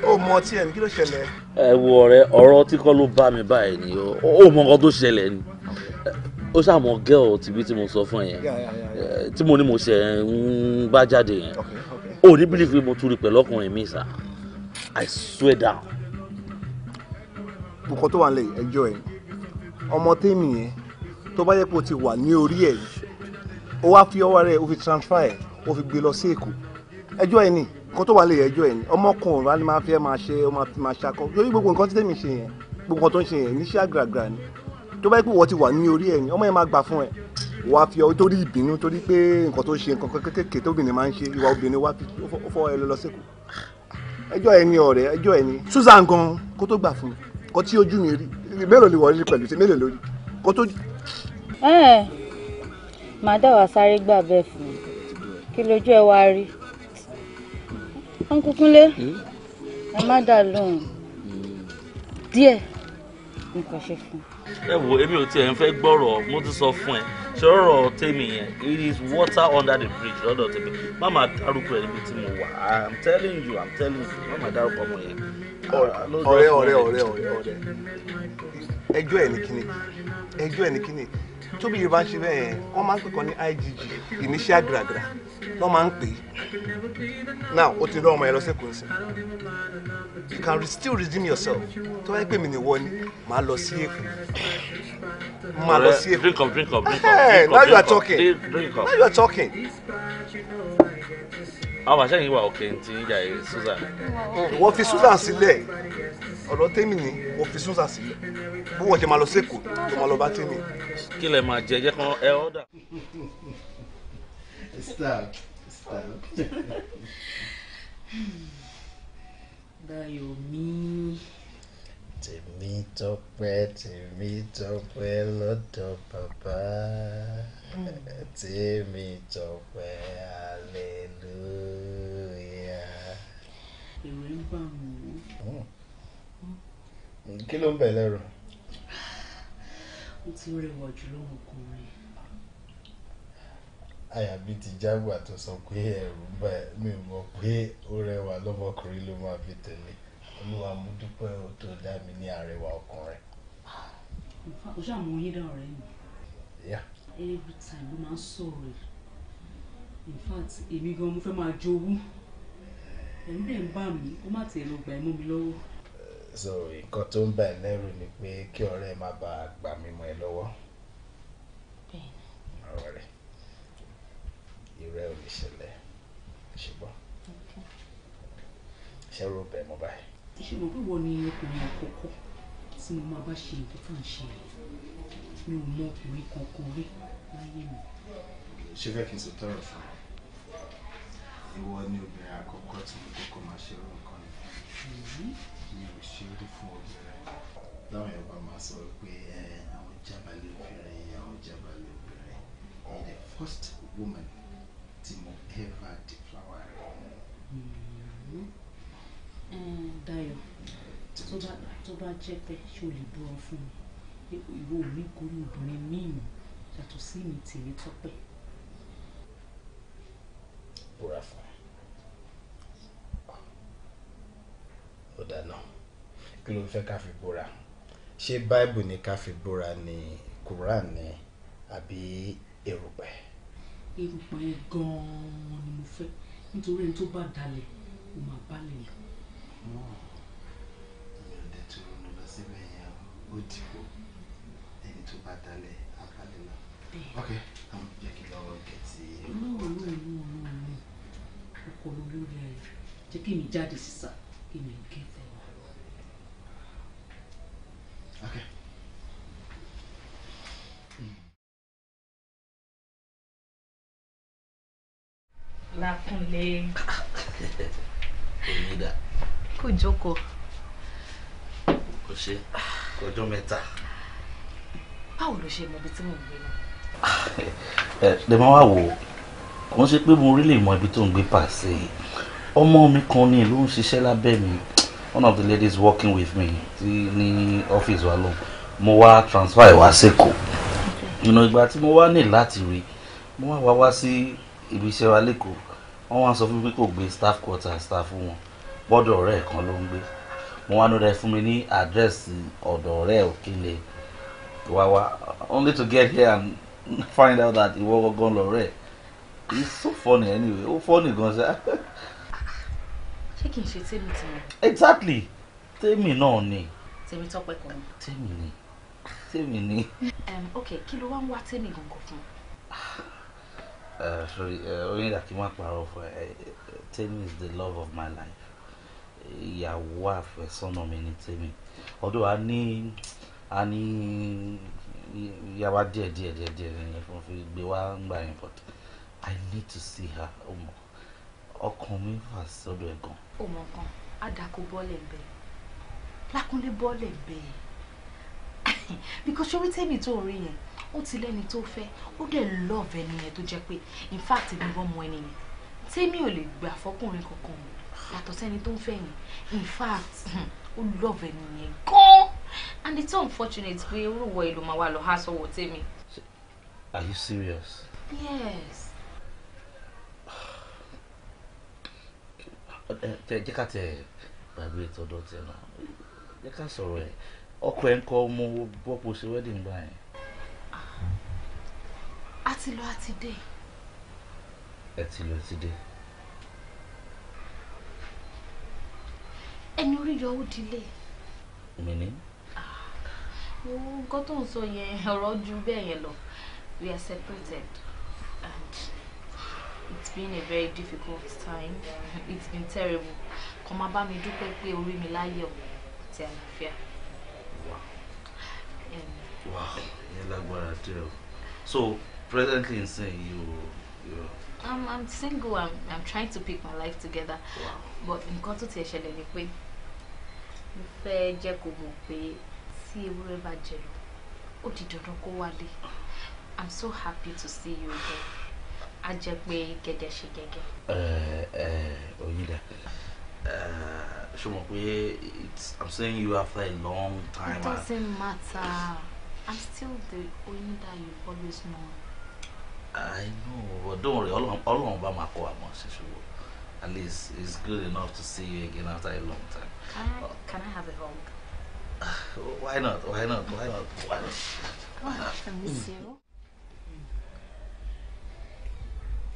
Speaker 2: ó mọ ọtí ẹ̀ ní kí ló ṣẹlẹ̀. ẹ wo ọ̀rẹ́ ọ̀rọ̀ tí kọ́ ló bá mi báyìí ni ó mọ nǹkan tó ṣẹlẹ̀ ni ó ṣàmọ gẹ́ọ̀ tìbí tí mo sọ fún ẹ yẹn tí mo ní mo ṣe ń bá jáde yẹn ó ní bílífì mo tún rí pẹ̀lú ọkùnrin mi sá I swear down. nǹkan tó wà lẹ́yìn ẹjọ́ ẹ̀ ọmọ tèmi yẹn tó bá yẹ kó ti wà ní orí ẹ̀ ó wá fi ọwọ́ rẹ̀ ó fi transfer ẹ̀ ó fi gbé lọ sí Èkó ẹjọ́ ẹ̀ nìyí nǹkan tó wà lè yẹjọ́ ẹ̀ ni ọmọkùnrin wa ni máa fẹ́ máa ṣe ọmọ fi máa ṣakọ lórí gbogbo nǹkan tí tèmi ṣe yẹn gbogbo nǹkan tó ń ṣe yẹn níṣẹ́ àgbààgbà ni tó bá yẹ pé wọ́n ti wà ní orí ẹ̀ ni ọmọ yẹn máa gbà fún ẹ̀ wà á fi ọ torí ìbínú torí pé nǹkan tó ṣe nǹkan kékèké tóbìnrin máa ń ṣe ìwà obìnrin wá fi fọ ẹ lọ sẹ́kù ẹjọ́ ẹ ni ọ̀rẹ́ ẹjọ́ ẹ ni Susan gan kó tó gbà fún mi kó tí ojú mi rí mélòó ni wọ́n rí pẹ̀lú ti mélòó lórí kó tó.
Speaker 4: ẹ ẹ màdá wa sáré gbà bẹ́ẹ̀ fún mi kí lójú ẹ wá rí uncle Kúnlé hmm? ẹ má dà lóhùn hmm. díẹ̀
Speaker 5: nǹkan ṣe fún.
Speaker 2: ẹ wo èmi ò tiẹ̀ ń fẹ́ gbọ́rọ̀ mo ti sọ fún ẹ sọ̀rọ̀ tèmi yẹn it is water under the bridge lọ́dọ̀ tèmi má máa dárúkọ ẹ níbi tí mo wà i'm telling you i'm telling you má máa dárúkọ ọmọ yẹn. Ah, ọ̀rẹ́ ọ̀rẹ́ ọ̀rẹ́ ọ̀rẹ́ ọ̀rẹ́ ẹjọ́ ẹ̀ ní kíni ẹjọ́ ẹ̀ ní kíni tóbi yorùbá ṣe bẹ́ẹ̀ wọ́n máa ń pè kàn ní igg initial gragra wọ́n máa ń pè é now o ti rán ọmọ yẹn lọ sẹ́kọ̀ọ́ sí you can re still redeem yourself tó bá yẹ pé mi ni wọ́n ni màá lọ sí èkó màá lọ sí èkó drink up drink up drink up now you are talking ah, now you are talking. àwọn àṣẹ yìí wà òkè ntí ìjà yìí Susan. wọ́n fi Susan sílẹ̀ ọ̀rọ̀ tèmi ni wọ́n fi Susan sílẹ̀ bí wọ́n ti máa lọ sẹ́kọ̀ọ́ tó máa lọ bá tèmi. kí máa jẹ jẹ́ kan ẹ ọ́dà.
Speaker 3: stop.
Speaker 4: Dayọ̀mí.
Speaker 3: Tèmítọ́pẹ́ Tèmítọ́pẹ́ lọ́dọ̀ bàbá Tèmítọ́pẹ́ hallelúyà.
Speaker 2: Ìwé ń bà mọ́. Kí ló ń bẹ̀ lẹ́rù? Ó ti rẹwà jù lọ́wọ́ kan àyàbí ti jágbà tó sọ pé ẹ̀rù bá ẹ mi ò mọ̀ pé
Speaker 3: ó rẹwà lọ́mọkùnrin ló máa fi tẹ̀lé olúwa mo dúpẹ́ o tó dá mi ní àrẹwà
Speaker 5: ọkùnrin.
Speaker 4: o ṣàmù oyin dá ọ̀rẹ́ mi. every time ló máa ń sọ̀rọ̀ in fact èmi gan mo fẹ́ máa jowú
Speaker 2: ẹ̀rù dẹ̀ ń bà mí kó má tiẹ̀ lọ gbà ẹ́ mọ́ mi lọ́wọ́.
Speaker 3: so nǹkan tó ń bà ẹ́ lẹ́rù
Speaker 2: ni pé kí ọ̀rẹ́ má bàa gbà mí mọ́ ẹ lọ́wọ́. bẹ́ẹ̀ ni irú ẹ̀ ò lè ṣẹlẹ̀ ṣùgbọ́n ṣe rò bẹ́ẹ̀ mo báyìí.
Speaker 4: ṣe mọ̀ pé wọ́n ní ọkùnrin àkọ́kọ́ tí mo máa bá ṣe nǹkan tá à ń ṣe mi ò mọ ọkùnrin kankan rí láyé mi.
Speaker 3: ṣé fẹ́ kí n ṣe tọrọ fún ọ ìwọ ni obìnrin àkọ́kọ́ tí mo kọ́kọ́ máa ṣe irú nǹkan ni mm-hmm. mi ò ṣe rí fún obìnrin láwọn yorùbá máa sọ pé àwọn jábálẹ̀ obìnrin àwọn jábálẹ̀ obìnrin the first woman tí mo kẹ́fà di flower rẹ̀.
Speaker 4: Mm, Dayọ̀ tó bá jẹ́ pé ṣé
Speaker 2: o lè búra fún mi ìwọ mi kò ní obìnrin míì mọ̀ yàtọ̀ sí mi tèmi tọ́pẹ́. búra fún ọ dáná kí ló ń fẹ́ ká fi búra ṣé báìbù ni ká fi búra ni Quran ni àbí erùpẹ̀ erùpọ̀ yẹn gan-an ni mo fẹ́ nítorí ẹni tó bá dalẹ̀ ó máa balẹ̀ lọ. mi
Speaker 3: ò dẹ̀ tó ronú lọ síbẹ̀ yẹn ó dìbò ẹni tó bá dalẹ̀ á balẹ̀ lọ. ok àwọn um, jẹ́ kí lọ́wọ́ gẹ̀ẹ́tì. olóòórùn
Speaker 2: olóòórùn olóòórùn ọkọ̀ olórí rẹ̀
Speaker 4: jẹ́ kí mi jáde sísà
Speaker 2: kí mi gẹ̀ẹ́tì.
Speaker 1: lé. èyí dà. kò jókòó. kò ṣe
Speaker 2: ọjọ́ mẹ́ta.
Speaker 4: báwo ló ṣe mọ ibi tí mò ń gbé
Speaker 2: náà. ẹ lè máa wá wò ó wọ́n ṣe one of the ladies working with me the ní ọ́fíìsì wa lóhùn mo wá transfer ìwà sẹ́kọ̀ọ́ ìnà ìgbà tí mo wá ní láti rí mo wá wá wá ibi iṣẹ́ wa lẹ́kọ̀ọ́ wọ́n wá sọ fún mi pé kò gbé staff quarter staff wọn bọ́dọ̀ ọ̀rẹ́ kan ló ń gbé mo wá nọ́dẹ fún mi ní àdírẹ́sì ọ̀dọ̀ ọ̀rẹ́ òkèlè wá wá only to get here and find out that ìwọ gangan lọ̀rẹ́ it's so funny anyway ó funny gan ṣá.
Speaker 4: ṣé kì í ṣe tèmi tí mo.
Speaker 2: exactly tèmi náà ni.
Speaker 4: tèmi tọpẹ kọ ni.
Speaker 2: tèmi ni tèmi ni.
Speaker 4: ok kí ló wá ń wá tèmi gangan fún.
Speaker 2: Uh, sorry, uh, oyin dàkí má parọ́ fún uh, Temi is the love of my life Your wife, mi ni Temi ọdún a ní a ní yàwá díẹ̀ díẹ̀ díẹ̀ díẹ̀ nìyẹn fún fi gbé wá ń gbà but I need to see her come ọmọ ọkàn mi fà sọ́dọ̀ ẹ̀ gan.
Speaker 4: ọmọ kan adako bọ́ọ̀lẹ̀ bẹ́ẹ̀ lákúnlé bọ́ọ̀lẹ̀ bẹ́ẹ̀ because ṣorí Temi tó rí yẹn ó ti lẹ́ni tó fẹ́ ó dẹ̀ lọ́ọ̀fẹ́ nìyẹn tó jẹ́ pé in fact mi wọ́n mọ ẹni yẹn tèmi ò lè gbà fọkùnrin kankan mọ́ yàtọ̀ sẹ́ni tó ń fẹ́ yẹn in fact ó lọ́ọ̀fẹ́ nìyẹn gan-an and it's unfortunate pé olùwọ̀ èlò máa wà lọ há sọ̀wọ́ tèmi.
Speaker 2: Are you serious?
Speaker 4: Yes.
Speaker 2: Eh, jẹ́ ká tẹ̀ gbàgbé ìtọ́dọ̀ tẹ̀ náà jẹ́ ká sọ̀rọ̀ ẹ̀ ọkọ ẹ̀ ń kọ́ ọmọ bọ́pọ̀ ṣe wedding gbà yẹn
Speaker 4: a ti lọ a ti dé.
Speaker 2: ẹ ti lọ ti dé.
Speaker 4: ẹni orí yọ ó dilé. mi ni. Ah, nǹkan tó ń sọ yẹn ọ̀rọ̀ ju bẹ́ẹ̀ yẹn lọ we are separated and it's been a very difficult time it's been terrible kò má bá mi dúpẹ́ pé orí mi láyọ̀ àti àlàáfíà.
Speaker 2: wow wow yẹn lágbára tẹ o so presently insane you you
Speaker 4: I'm, I'm single. I'm, I'm trying to pick my life together. Wow. But in tó ti ṣẹlẹ̀ ni pé mo fẹ́ jẹ́ kó mọ̀ pé tí ewúrẹ́ bá jẹ̀rọ ó I'm so happy to see you again. I A jẹ́ get gẹ́gẹ́ shake gẹ́gẹ́.
Speaker 2: Uh, uh, Oyinda, Uh, mọ̀ it's I'm seeing you after a long time. It doesn't
Speaker 4: matter. I'm still the Oyinda you've always known.
Speaker 2: I know, but don't worry. All all about my power months. At least it's good enough to see you again after a long time. Can I, uh,
Speaker 4: can I have a hug?
Speaker 2: Why not? Why not? Why not? Why
Speaker 4: not? I miss you.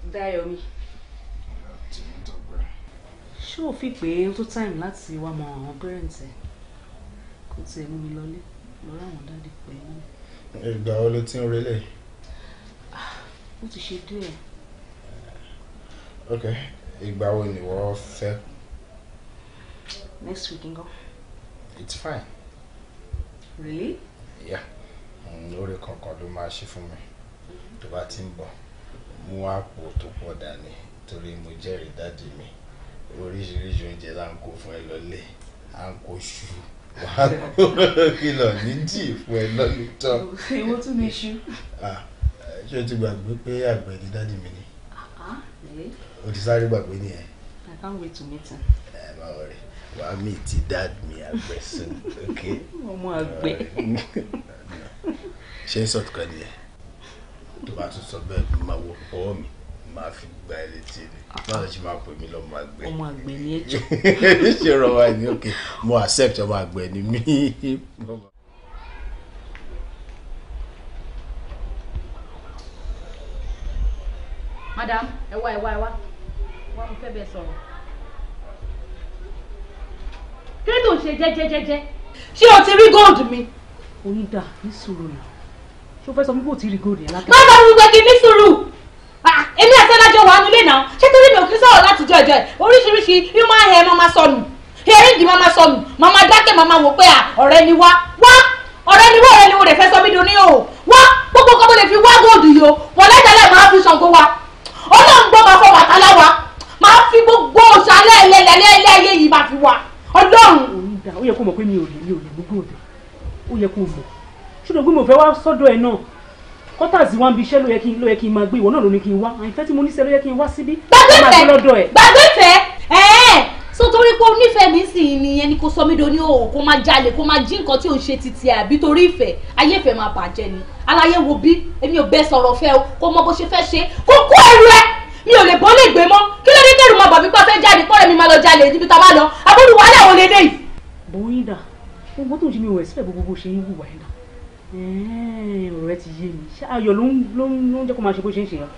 Speaker 4: Mm. Dayomi. Ṣé o fi pé ó tó time láti wá mọ àwọn parents ẹ̀? Kò tiẹ̀ mú mi lọlé, lọ ráwọn dáàdì pẹ̀lú.
Speaker 2: Ìgbà wo ló ti ń relé?
Speaker 4: ó ti ṣe dé ẹ̀.
Speaker 2: ok ìgbà wo ni wọ́n fẹ́. next week nǹkan. it's fine. really. yeah lórí kankan ló máa ṣe fún mi tó bá ti ń bọ̀ mú àpò tó pọ̀ dání torí mo jẹ́rìí dáàdi mi oríṣiríṣi oúnjẹ là ń kó fún ẹ lọ́lé à ń kó ṣu wàá kó kìlọ̀ ní fún ẹ lọ́lé tán. èwo tún ni ṣu. Ah, ṣé o ti gbàgbé pé àgbẹ̀ ni dáàdì mi ni
Speaker 4: ah, ah, eh.
Speaker 2: o ti sáré gbàgbé nìyẹn.
Speaker 4: I can't wait to meet
Speaker 3: him. ẹ má wọlé wàá mi ti dad mi àgbẹ̀ soon ok.
Speaker 4: ọmọ àgbẹ̀.
Speaker 3: ṣé sọ̀tù kan nìyẹn tó bá tún sọ bẹ́ẹ̀
Speaker 2: máa wọ ọwọ́ mi máa fi gba ẹ létí ni báwo ṣe máa pè mí lọ́mọ àgbẹ̀.
Speaker 5: ọmọ àgbẹ̀ ni ẹ jọ.
Speaker 3: ṣé rọwà ni ok mo accept ọmọ àgbẹ̀ ni mí.
Speaker 4: madam ẹ wá ẹ wá ẹ wá wá mo fẹ́ bẹ sọ̀rọ̀ kí ló ń ṣe jẹ́jẹ́jẹ́jẹ́ ṣé o ti rí gold mi. onídà ní sùúrù náà ṣé o fẹ́ sọ mi bó ti rí gold yẹn látọ̀. má sọ fún gbẹ̀gì ní sùúrù ah, èmi àti ẹlájọ wà nílé náà ṣé torí mi ò kí sọ̀rọ̀ láti jọ ìjọ ẹ̀ oríṣiríṣi human hair máa máa sọnù eríǹdì máa máa sọnù máa máa dákẹ́ máa máa wò pé ọ̀rẹ́ ni wá wá ọ̀rẹ́ ni wá ọ̀rẹ́ ni wò lè fẹ́ sọ mí dun ní o wá gbogbo kọ́ mo lè fi wá gold yìí o wọ̀lẹ́dàlẹ́ máa fi ṣàǹkó wa ọlọ́run gbọ́ máa fọ bàtà láwa máa fi gbogbo òṣàlẹ̀ ẹlẹ́lẹ́lẹ́ ilé ayé yìí máa fi wà ọlọ́run. òun dà ó yẹ kó mọ̀ pé mi ò lè mi ò lè gbogbo òde ó yẹ kó mọ̀ ṣùgbọ́n pé mo fẹ́ wá sọ́dọ̀ ẹ náà kọ́tàsí wa ń bi iṣẹ́ ló yẹ kí ló yẹ kí n máa gbé ìwọ náà ló ní kí n wá àyìnfẹ́ tí mo níṣẹ́ ló yẹ kí n wá síbí. gbàgbé fẹ́ gbàgbé fẹ́ ẹ̀ẹ́ so torí pé onífẹ̀ẹ́ mi sì ni ẹni kò sọ mí do ní òun kó máa jalè kó máa jí nǹkan tí ò ń ṣe titi àbí torí ìfẹ́ ayé ìfẹ́ máa bàjẹ́ ni aláyé wo bí èmi ò bẹ́ sọ̀rọ̀ fẹ́ o kó mọ bó ṣe fẹ́ ṣe kó kó ẹrù ẹ mi ò lè bọ́ lè gbé mọ́ kí ló dé dẹ̀rù mọ́ bàbí pé fẹ́ jáde pọ́ọ̀rẹ́ mi máa lọ jalè níbi tá a bá lọ abúlé wàhálà wo lè dé yìí. bóyá mo tó ń ṣe mi ò ẹ̀sìpẹ̀ gbogbo ṣe ń wùwà ẹ̀dá ọ̀rọ̀ ẹ ti yé mi ṣáà ayọ̀ ló ń jẹ́ kó máa ṣe bó ṣe ń ṣe yàn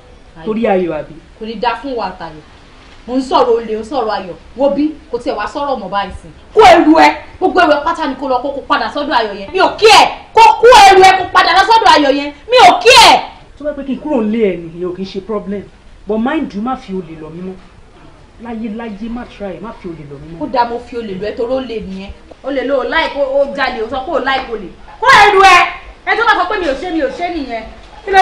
Speaker 4: torí ayọ̀ àbí. kò ní dáa fún wa àtàyè ń sọ̀rọ̀ olè ń sọ̀rọ̀ ayọ̀ wo bí kò tiẹ̀ wá sọ̀rọ̀ ọmọ báyìí sí. kó ẹrù ẹ gbogbo ẹrù ẹ pátá ni kó lọ kó kó padà sọ́dọ̀ ayọ̀ yẹn mi ò kí ẹ kó kó ẹrù ẹ kó padà lọ sọ́dọ̀ ayọ̀ yẹn mi ò kí ẹ. tó bá pẹ́
Speaker 2: kí n kúrò nílé ẹ̀
Speaker 4: nìyẹn ò kì í ṣe problem but mind you má fi olè lọ mímọ́ láyéláyé má try má fi olè lọ mímọ́. ó dáa mo fi olè lọ ẹ torí ó lè nìyẹn ó lè lo láìkó ó jalè ó sọ pé ó láìkó lè kó ẹrù ẹ ẹ mi ò mi ò ṣe nìyẹn kí ló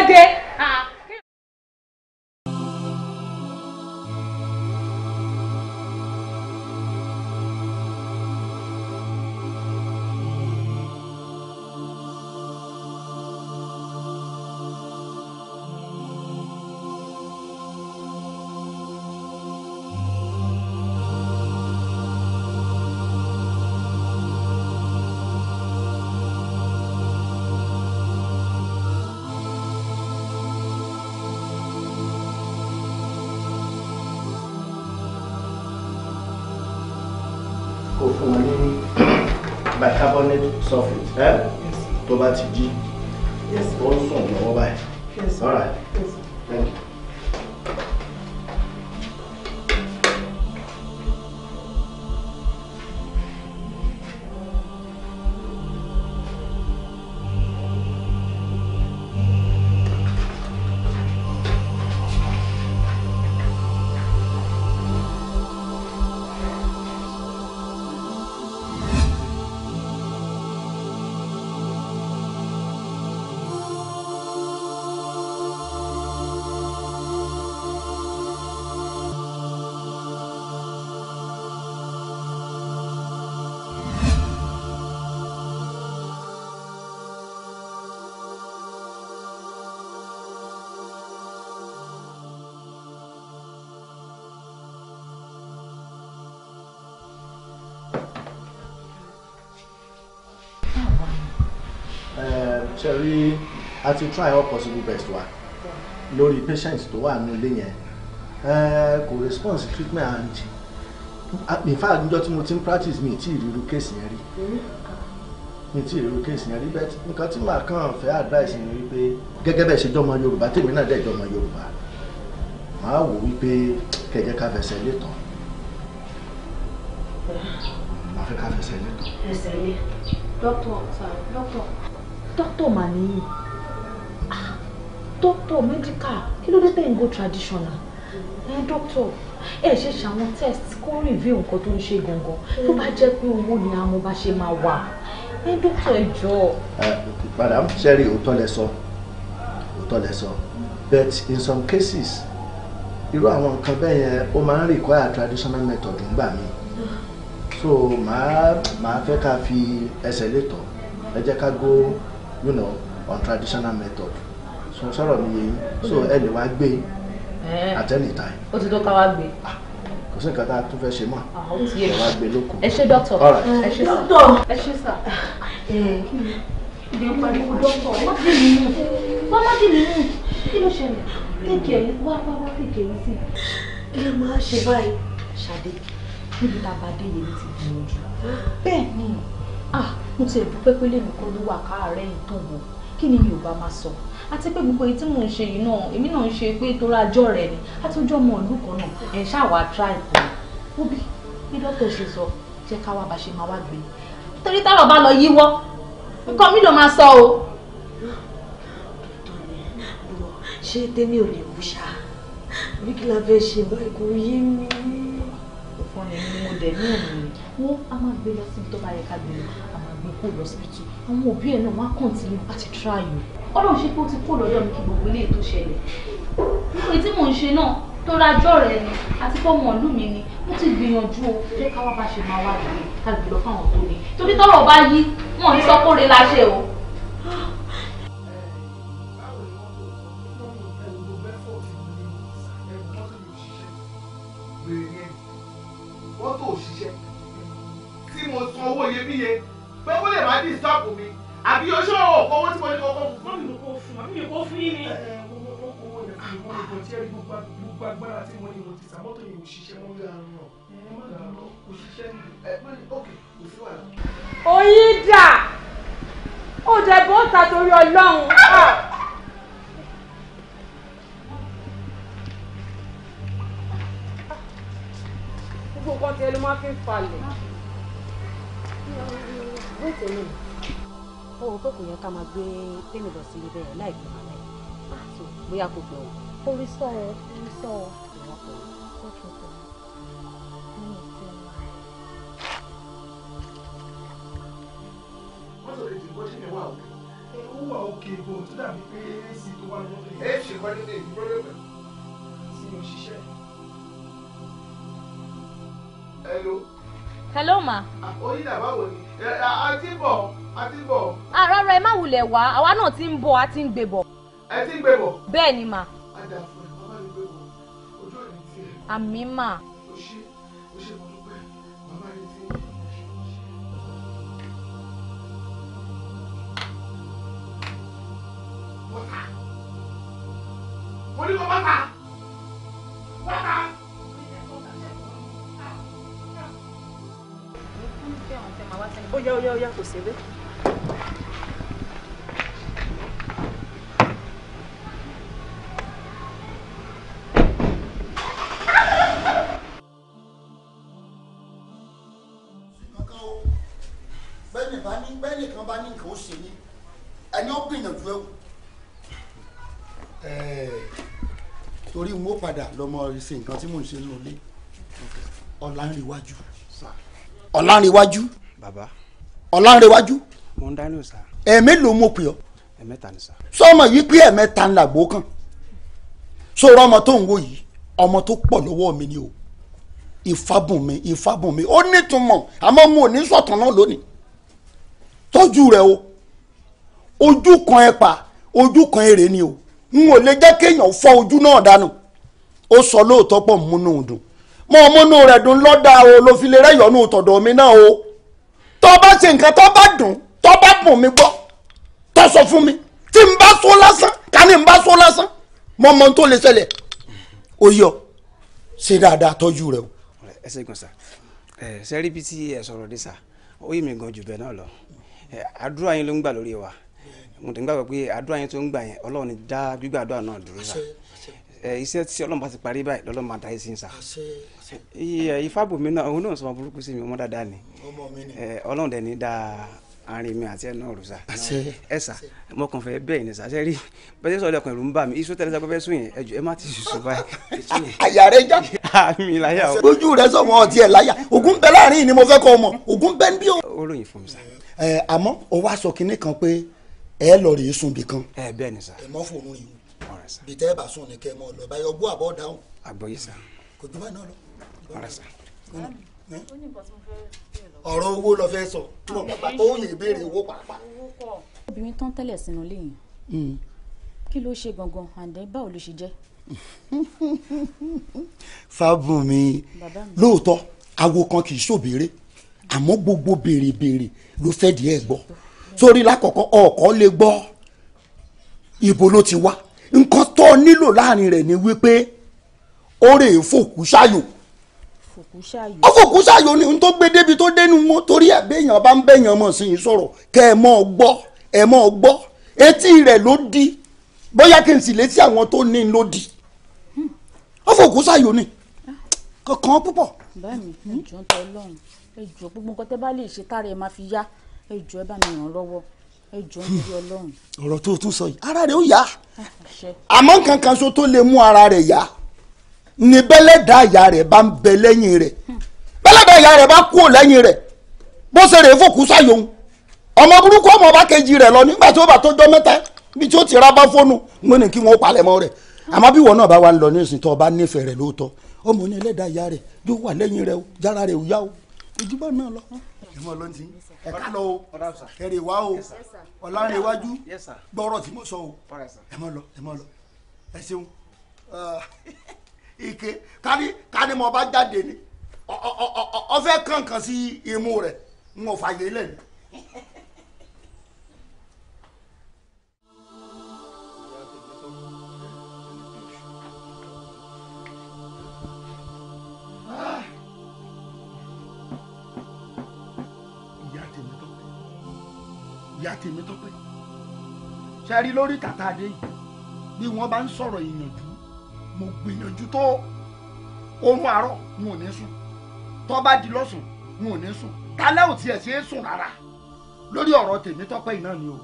Speaker 3: ṣe rí a ti try all possible best wa lórí patient tó wà ní ilé yẹn eh, kò response treatment and in fact níjọ́ tí mo ti ń practice mi ti ìrírú case yẹn rí mi ti ìrírú case yẹn rí bẹ́ẹ̀ nǹkan tí màá kàn fẹ́ advice ni wípé gẹ́gẹ́ bẹ́ẹ̀ ṣe jọmọ Yorùbá tèmi náà dẹ̀ jọmọ Yorùbá màá wò wípé kẹjẹ ká fẹsẹ̀ lé tán màá fẹ́ ká fẹsẹ̀ lé tán.
Speaker 4: ẹsẹ̀ ni dókítà dókítà dókítà mà nìyí dókítà mẹ́díkà kí ló dé tẹ̀ go traditional ẹ dókítà ẹ ṣe ṣàwọn test kó rìvíw nǹkan tó ń ṣe gangan tó bá jẹ́ pé owó ni a bá ṣe máa wà ẹ dókítà ẹ jọ.
Speaker 3: madam sherry òótọ́ lẹ sọ òótọ́ lẹ sọ but in some cases irú àwọn nǹkan bẹ́ẹ̀ yẹn ó máa ń require traditional method ńgbà mi so màá màá fẹ́ ká fi ẹsẹ̀ létọ̀ ẹ jẹ́ ká go you know on traditional method so sọ̀rọ̀ mi yẹ yín so ẹ lè wá gbé at any time.
Speaker 4: ó ti tó ká wá gbé. Ah,
Speaker 3: kò sí nǹkan tá a tún fẹ́ ṣe mọ́ ah, ẹ wá gbé lóko. ẹ
Speaker 4: ṣe dọ́tọ̀ ẹ ṣe sà ẹ ṣe sà. ìdè ń pariwo dọ́tọ̀ má dé mi mú má má dé mi mú kí ló ṣẹlẹ̀ kéèké ẹ̀yìn wá wá wá kéèké ẹ̀yìn sí i kí ló máa ṣe báyìí ṣàdé níbi tá a bá dé yẹn ti gbìyànjú bẹ́ẹ̀ ni ah mo ti dúpẹ́ pé lèmi kọ́ ló wà káàárẹ̀ yìí tó wò kí ni mi ò bá máa sọ àti pé gbogbo èyí tí mò ń ṣe yìí náà èmi náà ń ṣe pé torí ajọ́ rẹ̀ ni àti ojú ọmọ ìlú kan náà ẹ̀ ṣáà wá try kan wúbi bí dókítà ṣe sọ jẹ́ ká wá bá ṣe máa wá gbé torí táwọn bá lọ yíwọ́ nǹkan mi ló máa sọ o. ṣé tèmi ò lè mú ṣá bí kí la fẹ́ ṣe báyìí kò yé mi. fún ni mo dẹ̀ ní òun ni wọ́n á máa gbé lọ síbi tó bá yẹ ká gbé lọ kó lọ síbítù àwọn òbí ẹ̀ náà wá kọ̀ǹtínú àti tíráyò ọlọ́run ṣe pé ó ti kó lọ́dọ̀ mi kí gbogbo ilé ètò ṣẹlẹ̀ nípa tí mò ń ṣe náà tó rájọ́ rẹ ni àti fọ́mọ ìlú mi ni mo ti gbìyànjú o jẹ́ káwá bá ṣe máa wà lórí ká gbìlọ́ fáwọn tó ní torí tọ́rọ̀ bá yí wọn ò ní sọ kóre láṣẹ o.
Speaker 2: òṣìṣẹ́ mọ́ bí aràn
Speaker 1: ẹ má dàrú
Speaker 2: òṣìṣẹ́ ẹ pé òkè kò sí wàhálà.
Speaker 4: oyin dà ó dẹ bó ta torí ọlọ́run. Ah! gbogbo nǹkan tí ẹ máa fi ń falẹ̀. bẹ́ẹ̀ tẹ̀lé o ò pé kò yẹ ká máa gbé pẹ́ẹ́nì lọ sí ibẹ̀ láì gbé màmá ẹ̀ bóyá kò gbọ́ o. orí sọ
Speaker 1: orí sọ
Speaker 2: hello. hello ma. Ah, oyin dà báwo ni eh, a ti bọ̀ a ti bọ̀. a ah,
Speaker 4: rárá má wulẹ̀ wá àwa náà ti ń bọ̀ a ti ń gbé ẹ ti ń gbé bẹ́ẹ̀ ni ma.
Speaker 1: a dà fún ẹ bàbá mi gbé ojú ò ní tiẹ̀. àmì
Speaker 4: máa.
Speaker 5: wọ́ta mo ní kó wọ́ta bá
Speaker 2: ní nǹkan ó ṣe ní ẹni ó gbìyànjú ẹ̀wù Eh, torí mo padà lọmọ ṣe nǹkan tí mò ń ṣe nínú ilé ọ̀làǹrẹ̀wájú. ọ̀làǹrẹ̀wájú. bàbá. ọ̀làǹrẹ̀wájú. mo ń dání o sá. ẹ̀ẹ̀mẹ́ ló mọ̀ pé ọ. ẹ̀ẹ̀mẹ́ta ni sá. sọmọ yìí pé ẹ̀ẹ̀mẹ́ta ń làgbó kàn sọ̀rọ̀ ọmọ tó ń wò yìí ọmọ tó pọ̀ lọ́wọ́ mi ni o ìfabùnmi ìfabùnmi ó nítumọ̀ àmọ́ mo ní sọ̀tàn náà lónìí tọ́jú rẹ o ojú kan ẹ̀pà ojú kan èrè ni o. n ò lè jẹ́ kéèyàn fọ́ ojú náà dànù ó sọ lóòótọ́ pọ̀ múnú dùn mọ ọmọnú rẹ̀ dùn lọ́dà o ló fi lè rẹ́yọ̀nù tọ̀dọ̀ mi o tó bá ṣe nǹkan bá dùn tó bá dùn mí gbọ́ so sọ fún mi tí n bá sọ lásán ká n bá lásán ọmọ yọ ṣe dáadáa rẹ o. ẹ ṣe gan sa mo tẹ̀ ń gbàgbọ́ pé àdúrà yẹn tó ń gbà yẹn ọlọ́run ni dá gbígbàdúrà náà dúró sá iṣẹ́ tí ọlọ́run bá ti parí báyìí lọ́lọ́run máa dáyé sí sá ìfábùmí náà òun náà sọ ma burúkú sí mi ọmọ dáadáa ni ọlọ́run dẹ̀ ní dáa àárín mi àti ẹnu ọ̀rọ̀ sa ẹ sà mo kàn fẹ́ bẹ́ẹ̀ ni sàṣẹ rí bẹ́ẹ̀ sọ̀rọ̀ ẹ̀kọ́ ìlú ń bà mí iṣu tẹ́lẹ̀ sọ́kọ́ fẹ́ sùn yẹn ẹjọ́ ẹ má ti sùn báyìí. àyà rẹ já. àmì láyà o. ojú rẹ sọmọ ọtí ẹ láyà ogun bẹ láàrin ni mo fẹ́ kọ́ ọmọ ogun bẹ ń bí o. ó lóyìn fún mi sá. ẹ àmọ́ o wá sọ kinní kan pé ẹ lọ rèé sùn bì kan. ẹ bẹ́ẹ̀ ni sà. ẹ mọ fòrùn yìí o bí tẹ́ ẹ bá sùn ni kẹ́ ẹ mọ lọ báyọ̀ bú àbọ̀ dáhùn. àgbọ̀yé sà. kò ju báyìí náà lọ. ọ̀rẹ́ sà. ọ̀rọ̀ owó lọ fẹ́ sọ tí mo bàbá tó yẹ ìbéèrè owó pàápàá.
Speaker 4: obìnrin tán tẹ́lẹ̀ sínú lẹ́yìn hmm. kí ló ṣe gangan àǹdẹ́ báwo ló ṣe jẹ́.
Speaker 2: fábùnmi lóòótọ́ awo kan kì í ṣòbéèrè àmọ́ gbogbo béèrè béèrè ló fẹ́ díẹ̀ gbọ́ sórí lákọ̀ọ́kọ́ ọ̀kọ́ lè gbọ́ ibo ló ti wá nǹkan tó nílò láàrin rẹ̀ ni wípé ó rè é fòkú ṣáyò ó fòkú ṣáyò ni n tó gbé débi tó dénú wọn torí ẹ̀ béèyàn bá ń bẹ̀yàn mọ̀ sí i sọ̀rọ̀ kẹ́ ẹ mọ̀ gbọ́ ẹ mọ̀ gbọ́ etí rẹ̀ ló di bóyá kí n sì létí àwọn tó ní ló di ó fòkú ṣáyò ni kankan púpọ̀. báyìí
Speaker 4: ẹjọ́ ń tọ́ ọlọ́run gbogbo nǹkan tẹ́ bá lè ṣe tára ẹ̀ máa fi yá ẹ jọ̀ọ́ ẹ bá mi ràn lọ́wọ́ ẹ jọ̀ọ́ nítorí Ọlọ́run.
Speaker 2: ọ̀rọ̀ tó tún sọ yìí ara rẹ̀ ó yá àmọ́ nǹkan kan ṣo tó lè mú ara rẹ̀ yá ni bẹ́lẹ́dà ìyá rẹ̀ bá ń bẹ lẹ́yìn rẹ̀ bẹ́lẹ́dà ìyá rẹ̀ bá kú lẹ́yìn rẹ̀ bó ṣe rè é fòkú sáyòun ọmọ burúkú ọmọ bá kejì rẹ̀ lọ nígbà tó bá tó jọ mẹ́ta bí tí ó ti ra bá fóònù mo ní kí wọ́n palẹ̀ mọ́ rẹ̀ àmọ́ bí wọn náà bá wà ń lọ ní ìsìn tó o bá nífẹ̀ẹ́ rẹ̀ lóòótọ́ ọmọ ní ẹlẹ́dàá ìyá rẹ̀ yóò wà lẹ́yìn rẹ̀ o jára rẹ̀ ò yá o ojúbọ náà lọ. ìmọ̀ ló ń ti ẹ̀ka lọ o kẹrì wá o
Speaker 1: ọ̀làrẹ̀wájú
Speaker 2: gbọ́rọ̀ tí mo sọ o ẹ mọ̀ lọ ẹ mọ̀ lọ ẹ ṣeun ike kárí kárí mo bá jáde ni ọ̀fẹ́ kankan sí imú rẹ̀ n ò fàyè lẹ́nu. àti èmi tó pé ṣe rí lórí tàtà adé yìí bí wọ́n bá ń sọ̀rọ̀ ìyànjú mo gbìyànjú tó oorun àárọ̀ n ò ní sùn tó bá di lọ́sùn n ò ní sùn tálẹ́ ò tiẹ̀ ṣe é sùn rárá lórí ọ̀rọ̀ tèmi tọ́pẹ́ iná ni o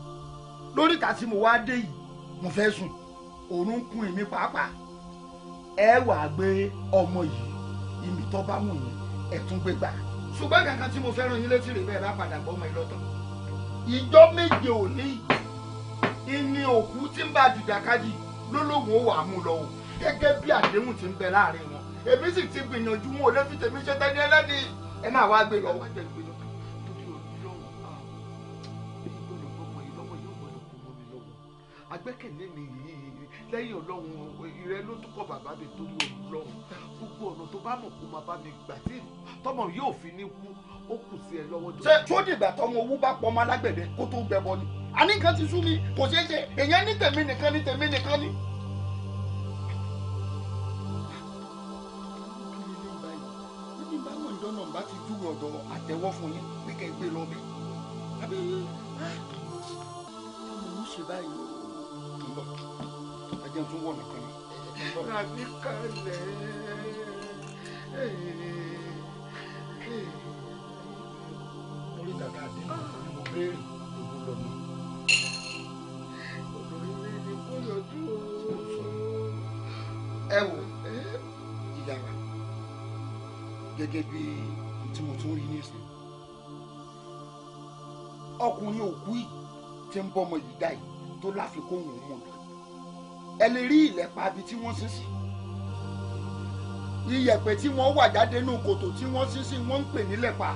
Speaker 2: lórí ìta tí mo wá dé yìí mo fẹ́ sùn òórùn kún èmi pàápàá ẹ wàá gbé ọmọ yìí ìmì tó bá wù yín ẹ tún gbé gbà ṣùgbọ́n kankan tí mo fẹ́ràn yín létí rè bẹ́ẹ̀ bá padà gbọ́ ọmọ ìlọ́tàn ìjọ méje òní yìí ìní òkú tí ń bá jùjàkadì lólógun ó wà o gẹ́gẹ́ bí àdéhùn ti ń bẹ láàrin wọn èmi sì ti gbìyànjú wọn ò lè fi tèmi ṣe tẹ́ni ẹlẹ́ni ẹ máa wá gbé lọ wá jẹ gbé lọ. Ah, agbẹ́kẹ̀lé mi yìí lẹ́yìn ọlọ́run ìrẹ́ ló tún kọ́ bàbá mi torí ọlọ́run gbogbo ọ̀nà tó bá mọ̀ kó máa bá mi gbà tí tọmọ yóò fi ní kú ó kù sí ẹ lọ́wọ́ jọ. ṣé tó dìgbà tọmọ owó bá pọ̀ ọmọ alágbẹ̀dẹ kó tó gbẹbọ ni àní nǹkan ti sú mi kò ṣeé ṣe èèyàn ní tèmi nìkan ní tèmi nìkan ní. àtẹwọ́ fún mi kan ni. Ràbí kalẹ̀. Mo rí dàda o. Ẹ wo ìyá wa gẹ́gẹ́ bí tí Ọkùnrin òkú yìí ti ń bọ́ yìí dá yìí tó láfikún òun mọ̀ lọ ẹ lè rí ìlẹ̀pà àbí tí wọ́n sin sí iyẹ̀pẹ̀ tí wọ́n wà jáde nù kòtò tí wọ́n sin sí wọ́n ń pè nílẹ̀pà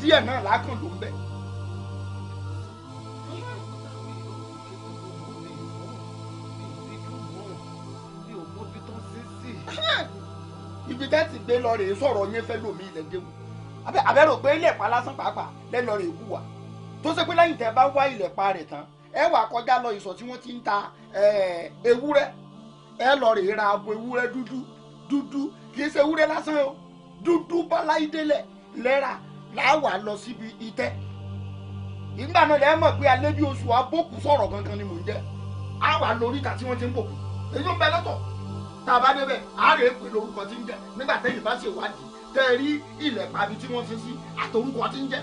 Speaker 2: díẹ̀ náà lákàn ló ń bẹ. ibi tá ti gbé lọ rèé sọ̀rọ̀ yẹn fẹ́ lómi ilẹ̀ déwu abẹ́rò pé ilẹ̀pà lásán pàápàá lẹ́nu rèé wù wá tó ṣe pé lẹ́yìn tẹ́ bá wá ilẹ̀pà rẹ̀ tán ẹ wà kọjá lọ ìsọ̀ tí wọ́n ti ń ta ewúrẹ́ ẹ lọ rèé ra abo ewúrẹ́ dúdú dúdú kì í ṣe ewúrẹ́ lásán o dúdú báláìdélẹ̀ lẹ́ra láwà lọ síbi itẹ́ ìgbà náà lẹ́ẹ̀ mọ̀ pé alẹ́ bí oṣù abókù sọ̀rọ̀ gangan ni mò ń jẹ́ àwà lórí ìta tí wọ́n ti ń bòkù èyí ń bẹ lọ́tọ̀ tá a bá débẹ̀ àárẹ̀ pè lórúkọ tí ń jẹ́ nígbà tẹ́yìn bá ṣèwádìí tẹ́ rí ilẹ̀ pàbí tí wọ́n fi sí àtòrúkọ tí ń jẹ́.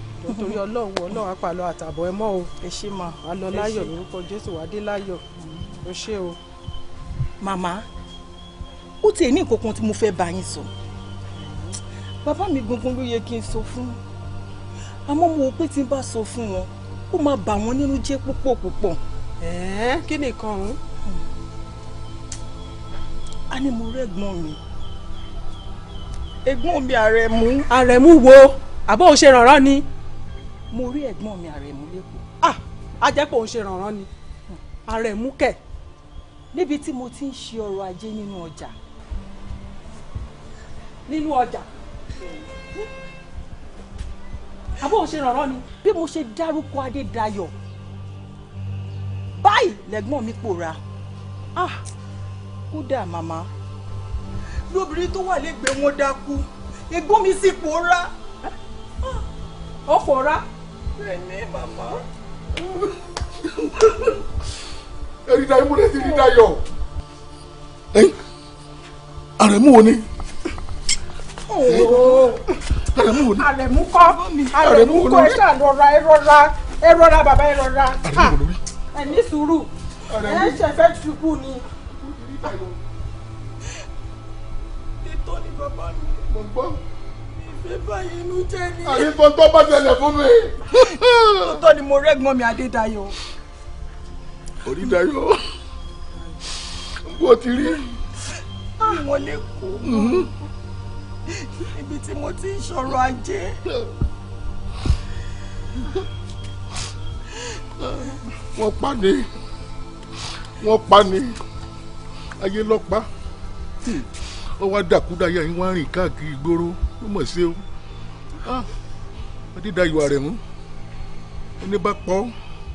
Speaker 2: torí ọlọ́run ọlọ́run apàlọ́ àtàbọ̀ ẹ mọ́ o ẹ ṣe mà á lọ láyọ̀
Speaker 1: lórúkọ jésù wàá dé láyọ̀ ó mm-hmm.
Speaker 2: ṣe o. màmá ó tiẹ̀ ní nǹkan kan tí mo fẹ́ bá yín sọ bàbá mi gangan ló yẹ kí n sọ fún àmọ́ mo wò pé tí n bá sọ fún wọn ó máa bà wọ́n nínú jẹ́ púpọ̀ púpọ̀. ẹ̀ẹ́n kí nìkan ọ̀hún. Hmm. a ní mo rẹ́gbọ́n mi ẹ̀gbọ́n mi àrẹ̀mú. àrẹ̀mú wo àbọ̀ òṣèrànràn ni mo rí ẹ̀gbọ́n mi àrẹ̀mú lẹ́kọ̀ọ́. ah ajẹ́pọ̀ òun ṣe rànran ni àrẹ̀mú kẹ̀. níbi tí mo ti ń ṣe ọrọ̀ ajé nínú ọjà nínú ọjà àbó òun ṣe rànran ni bí mo ṣe dárúkọ adédayọ̀ báyìí lẹ́gbọ́n mi pòórá ah kódà màmá lóbìnrin tó wà lẹ́gbẹ̀ẹ́ wọn dákú ẹ̀gbọ́n mi sì pòórá ọ̀fọ̀ra. Ah
Speaker 5: bẹ́ẹ̀ni màmá.
Speaker 2: ẹ̀rí dayọ̀ mo Eh? Aremu rí dayọ̀. ẹ̀yin àrẹ̀mú wo ni. àrẹ̀mú wo ni. àrẹ̀mú kọ́ àrẹ̀mú kọ́ ẹ ṣáà rọra ẹ rọra ẹ rọra bàbá ẹ rọra ah, ẹ ní sùúrù ẹ ṣẹ̀fẹ̀ ṣubú ni.
Speaker 1: ètò ni bàbá
Speaker 2: mi àyíkọ́ tó bá ṣẹlẹ̀ fún mi. lóòótọ́ ni mo rẹ́gbọ́n mi Adédayọ̀. Orídayọ̀ bó ti rí. àwọn lẹ́kọ̀ọ́ ibi tí mo ti ń sọ̀rọ̀ ajé. wọ́n pa ni wọ́n pa ni ayé lọ́pàá ó wá dàkúdà yẹn wá rìn káàkiri ìgboro ó mọ̀ sí o adídayọ ààrẹ mú ẹni bá pọ̀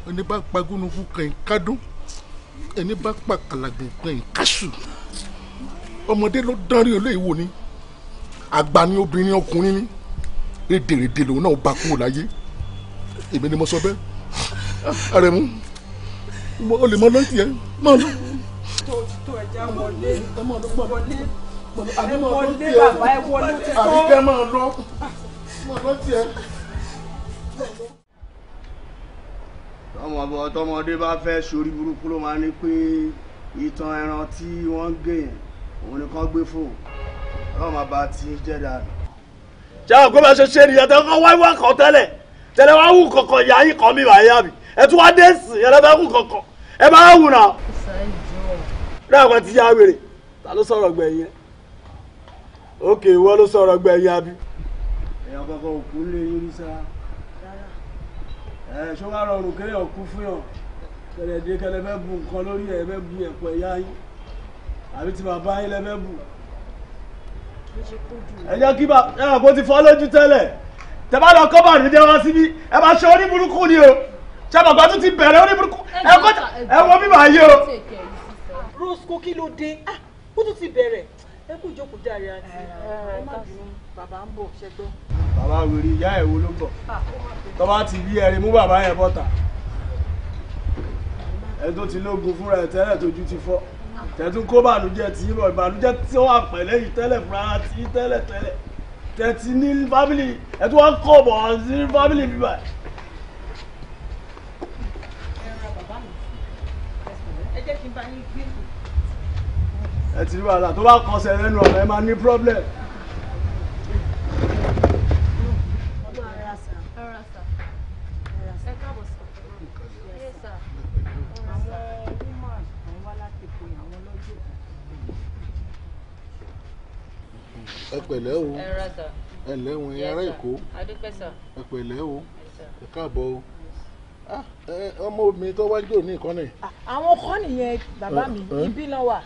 Speaker 2: ẹni bá pa gúnugún kan kádùn ẹni bá pa kàlàgùn kan kásù ọmọdé ló dánrí olóyìnbó ni àgbà ni obìnrin ọkùnrin ni rédèrèdè lòun náà bá kúrò láyé èmi ni mo sọ bẹ́ẹ̀ ààrẹ mú o lè mọ lọ́ọ̀tì ẹ mọ lọ. tó tó ẹja wọlé wọlé ẹ wọlé bàbá ẹ wọlé ti kọ́. àbíkẹ́ máa lọ máa lọ tiẹ̀. tọmọ tọmọdé bá fẹ́ sórí burúkú ló máa ní pé ìtàn ẹran tí wọ́n ń gé yẹn òun nìkan gbé fóun ọlọ́run máa bá ti jẹ́ dànù. ṣáà gbọ́dọ̀ ṣe ṣe ènìyàn tó ń kọ́ wáyé wá kọ́ tẹ́lẹ̀ tẹ́lẹ̀ wá wù kọ̀kọ̀ ìyá yìí kọ́ mi wà yá mi ẹ tún wá dé sí ẹ lọ́bẹ̀ wù kọ̀kọ̀ ẹ bá wù náà.
Speaker 4: ṣáà
Speaker 3: jọ.
Speaker 2: náà wọ́n ti yá wèrè ta ló sọ̀rọ̀ gbẹ̀yìn òkè ìwọ ló sọ̀rọ̀ gbẹ̀yìn abi. èèyàn kankan ò kú lé yín sá ẹ ṣó wá rọrùn kéèyàn kú fún yàn kẹlẹdé kẹlẹ fẹ́ bu nǹkan lórí ẹ fẹ́ bu ẹ̀pọ̀ ẹ̀yà yín àbí tí bàbá yín lẹ fẹ́ bu. ẹ jẹ́ kí bàbá ẹ̀ kó ti fọ́ lójú tẹ́lẹ̀ tẹ bá lọ kọ́ bá rí jẹ́ wá síbí ẹ bá ṣe oníburúkú ni o ṣàbàgbà tún ti bẹ̀rẹ̀ oníburúkú ẹ wọ bíbá yìí o. rosco kí ló dé ah, ó tún ti bẹ̀rẹ̀ ẹ kú jókòó àti
Speaker 1: bàbá ń bọ̀ ṣẹgbọ́.
Speaker 2: bàbá wèrè ìyá ẹ̀ wo ló bọ̀ tó ti rí ẹrin mú bàbá yẹn bọ́ta ẹ tó ti lógun fúnra ẹ tẹ́lẹ̀ tójú ti fọ́ tẹ́tún kó bànújẹ́ tí ìbọn ìbànújẹ́ tí wọ́n àpẹ̀lẹ́ yìí tẹ́lẹ̀ fúnra tí tẹ́lẹ̀ tẹ́lẹ̀ tẹ́tí ní fámìlì ẹ tó wá kọ̀ bọ̀ sí fámìlì bíbá. ẹ
Speaker 4: ra bàbá mi ẹ jẹ́ kí n bá yín
Speaker 1: gbé
Speaker 2: ẹ ti rí wàhálà tó bá kọsẹ̀ lẹ́nu ọ̀nà ẹ máa ní problem. ẹ pẹ̀lẹ́ o ẹ lẹ́wọ̀n ẹ ará èkó ẹ pẹ̀lẹ́ o ẹ káàbọ̀ o. Ah, ọmọ mi tó wá ń jò ní ìkànnì. Ah,
Speaker 1: àwọn kan nìyẹn bàbá
Speaker 2: mi eh, eh. ibi náà wà.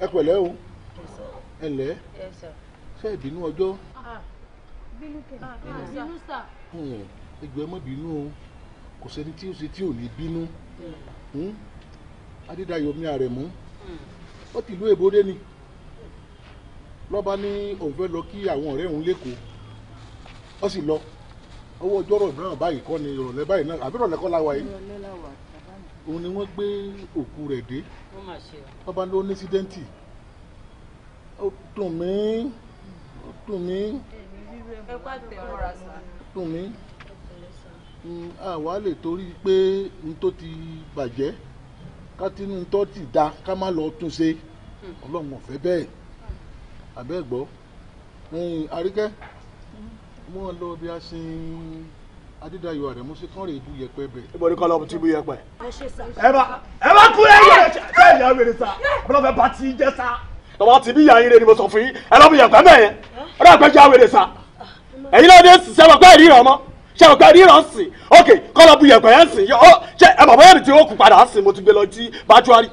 Speaker 2: ẹ pẹ̀lẹ́ o ẹ lẹ́ ṣe ìbínú ọjọ́.
Speaker 4: Ah, ẹgbẹ́
Speaker 2: hmm, mọ́ bínú o kò sẹ́ni tí o ṣe tí ò ní bínú hmm. Hmm? adédayọ̀ mi àrẹ̀mú ó tìlú èbódé ni lọ́ba ní òun fẹ́ lọ kí àwọn ọ̀rẹ́ òun lẹ́kọ̀ọ́ ó sì lọ. Mm owó ọjọ́rọ̀ náà báyìí kọ́ ni ìrọ̀lẹ́ báyìí náà àbí ìrọ̀lẹ́ kọ́ la wà yìí òun ni wọ́n gbé òkú rẹ̀ dé bàbá ló ní sídẹ́ǹtì ó dùn mí ó dùn mí
Speaker 4: ó dùn mí
Speaker 2: àwa lè torí pé n tó ti bàjẹ́ ká tó ti da ká má lọ tún ṣe hmm. ọlọ́run ò fẹ́ bẹ́ẹ̀ àbẹ́ẹ̀gbọ́ àríkẹ́ mo lọ bí a ṣe ń adédáyọ̀ rẹ̀ mo ṣe kán rèé du yẹpẹ bẹ̀. ibo ni kọ́lọ́ ti bú yẹpẹ.
Speaker 1: ẹ bá ẹ
Speaker 2: bá kú ẹ yẹ ṣe ẹ yà wèrè sa ọlọ́fẹ́ bá ti jẹ́ sa. tọ́wọ́ ti bí yàrá yìí ni mo sọ fún yín ẹ lọ́ bí yẹpẹ bẹ́ẹ̀ yẹn ọlọ́fẹ́ jẹ́ wèrè sa. ẹ̀yin náà ní sẹ́wọ̀n pẹ́ẹ́lí rẹ̀ ọmọ ṣe ọ̀gá ríran sìn ok kọ́lọ̀ bu yẹ̀pẹ̀ yẹn sìn yọ ṣe ẹ bàbá yẹn ti ó kù padà sìn mo ti gbé lọ sí bájúárì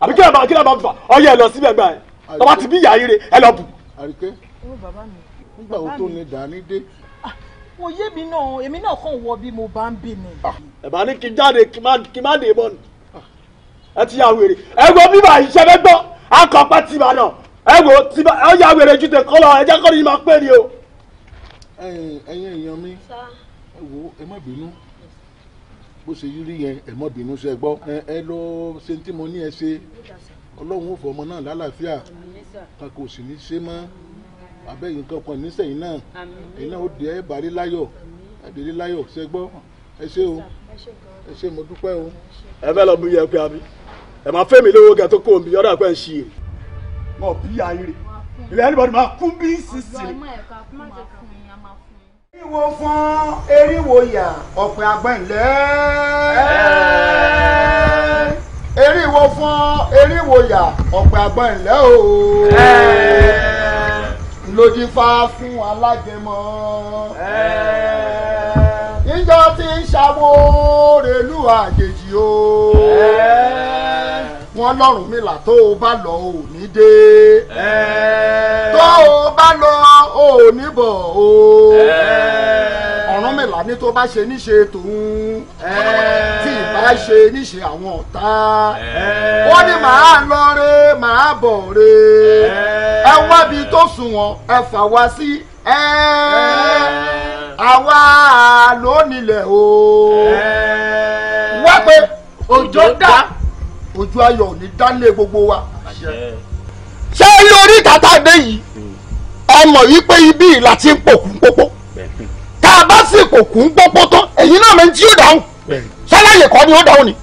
Speaker 2: àbí kí ẹ bá kí ẹ bá fà ọyẹ ẹ lọ síbẹ̀ gbà ẹ tọ́ba ti bí ìyá yìí ẹ lọ bù. àríkẹ́ nígbà wo tó ní dání dé. wò ah, yé mi náà èmi náà kàn wọ bí mo bá ń bì mí. Ah, ẹ̀bà ní kí n jáde kí n má dé mọ́ ni ah, ẹ ti ya wèrè ẹ gbọ́ bíbá iṣẹ́ fẹ́ gbọ́ akọ̀pẹ́ ti bà náà ẹ gbọ́ ti bà ẹ ya wèrè ju tẹ̀kọ́ lọ ẹ jẹ́ kọ́ ni yìí máa pè ní o. ẹ̀yin èèyàn mi ẹ wo ẹ má bínú bó ṣe yírí yẹn ẹ má bínú ṣe gbọ́ ẹ lọ ṣe tí mo ní ẹ ṣe ọlọ́run ó fọ ọmọ náà lálàáfíà kakò sì ní ṣe mọ́ abẹ́yìn kankan nísẹ̀yìn náà ẹ̀yìn náà ó dé ẹ̀ bàrí láyọ̀ àdèrí láyọ̀ ṣe gbọ́ ẹ ṣé o ẹ ṣé mo dúpẹ́ o. ẹ fẹ́ lọ mú yẹ pé àbí ẹ máa fẹ́ mi lówó kẹ tó kó omi ọ̀dà pẹ́ ń ṣe é mọ̀ bí ayé ilẹ̀ ẹ̀rìbọ̀dì máa kú bí sísì.
Speaker 1: eriwo fún
Speaker 2: eriwo yà ọ̀pẹ̀ àgbẹ̀ǹlẹ̀ eriwo fún eriwo yà ọ̀pẹ̀ àgbẹ̀ǹlẹ̀ o ló dífá fún alágẹmọ. níjọ tí ń ṣàwó rèlú àjèjì o. wọ́n lọ́rùn mi là tó o bá lọ ò ní dé. tó o bá lọ ò bọ̀ o. Ọ̀rúnmìlà ní tó bá ṣe níṣe tòun tí ìbá ṣe níṣe àwọn ọ̀tá ó ní màá lọ re màá bọ̀ re ẹ wábi tó sunwọ̀n ẹ fà wá sí ẹ àwa lónìlẹ̀ o
Speaker 1: wá pé òjò dá
Speaker 2: ojú ayọ̀ ò ní dánlé gbogbo wa ṣé orí tàtà dé yìí ẹ mọ̀ wípé ibí ìlà ti ń pòkú pópó. tá bá sì kò kún pọ́pọ́ tán èyí náà mẹ́ni
Speaker 1: yóò
Speaker 2: ni ó dáhùn ni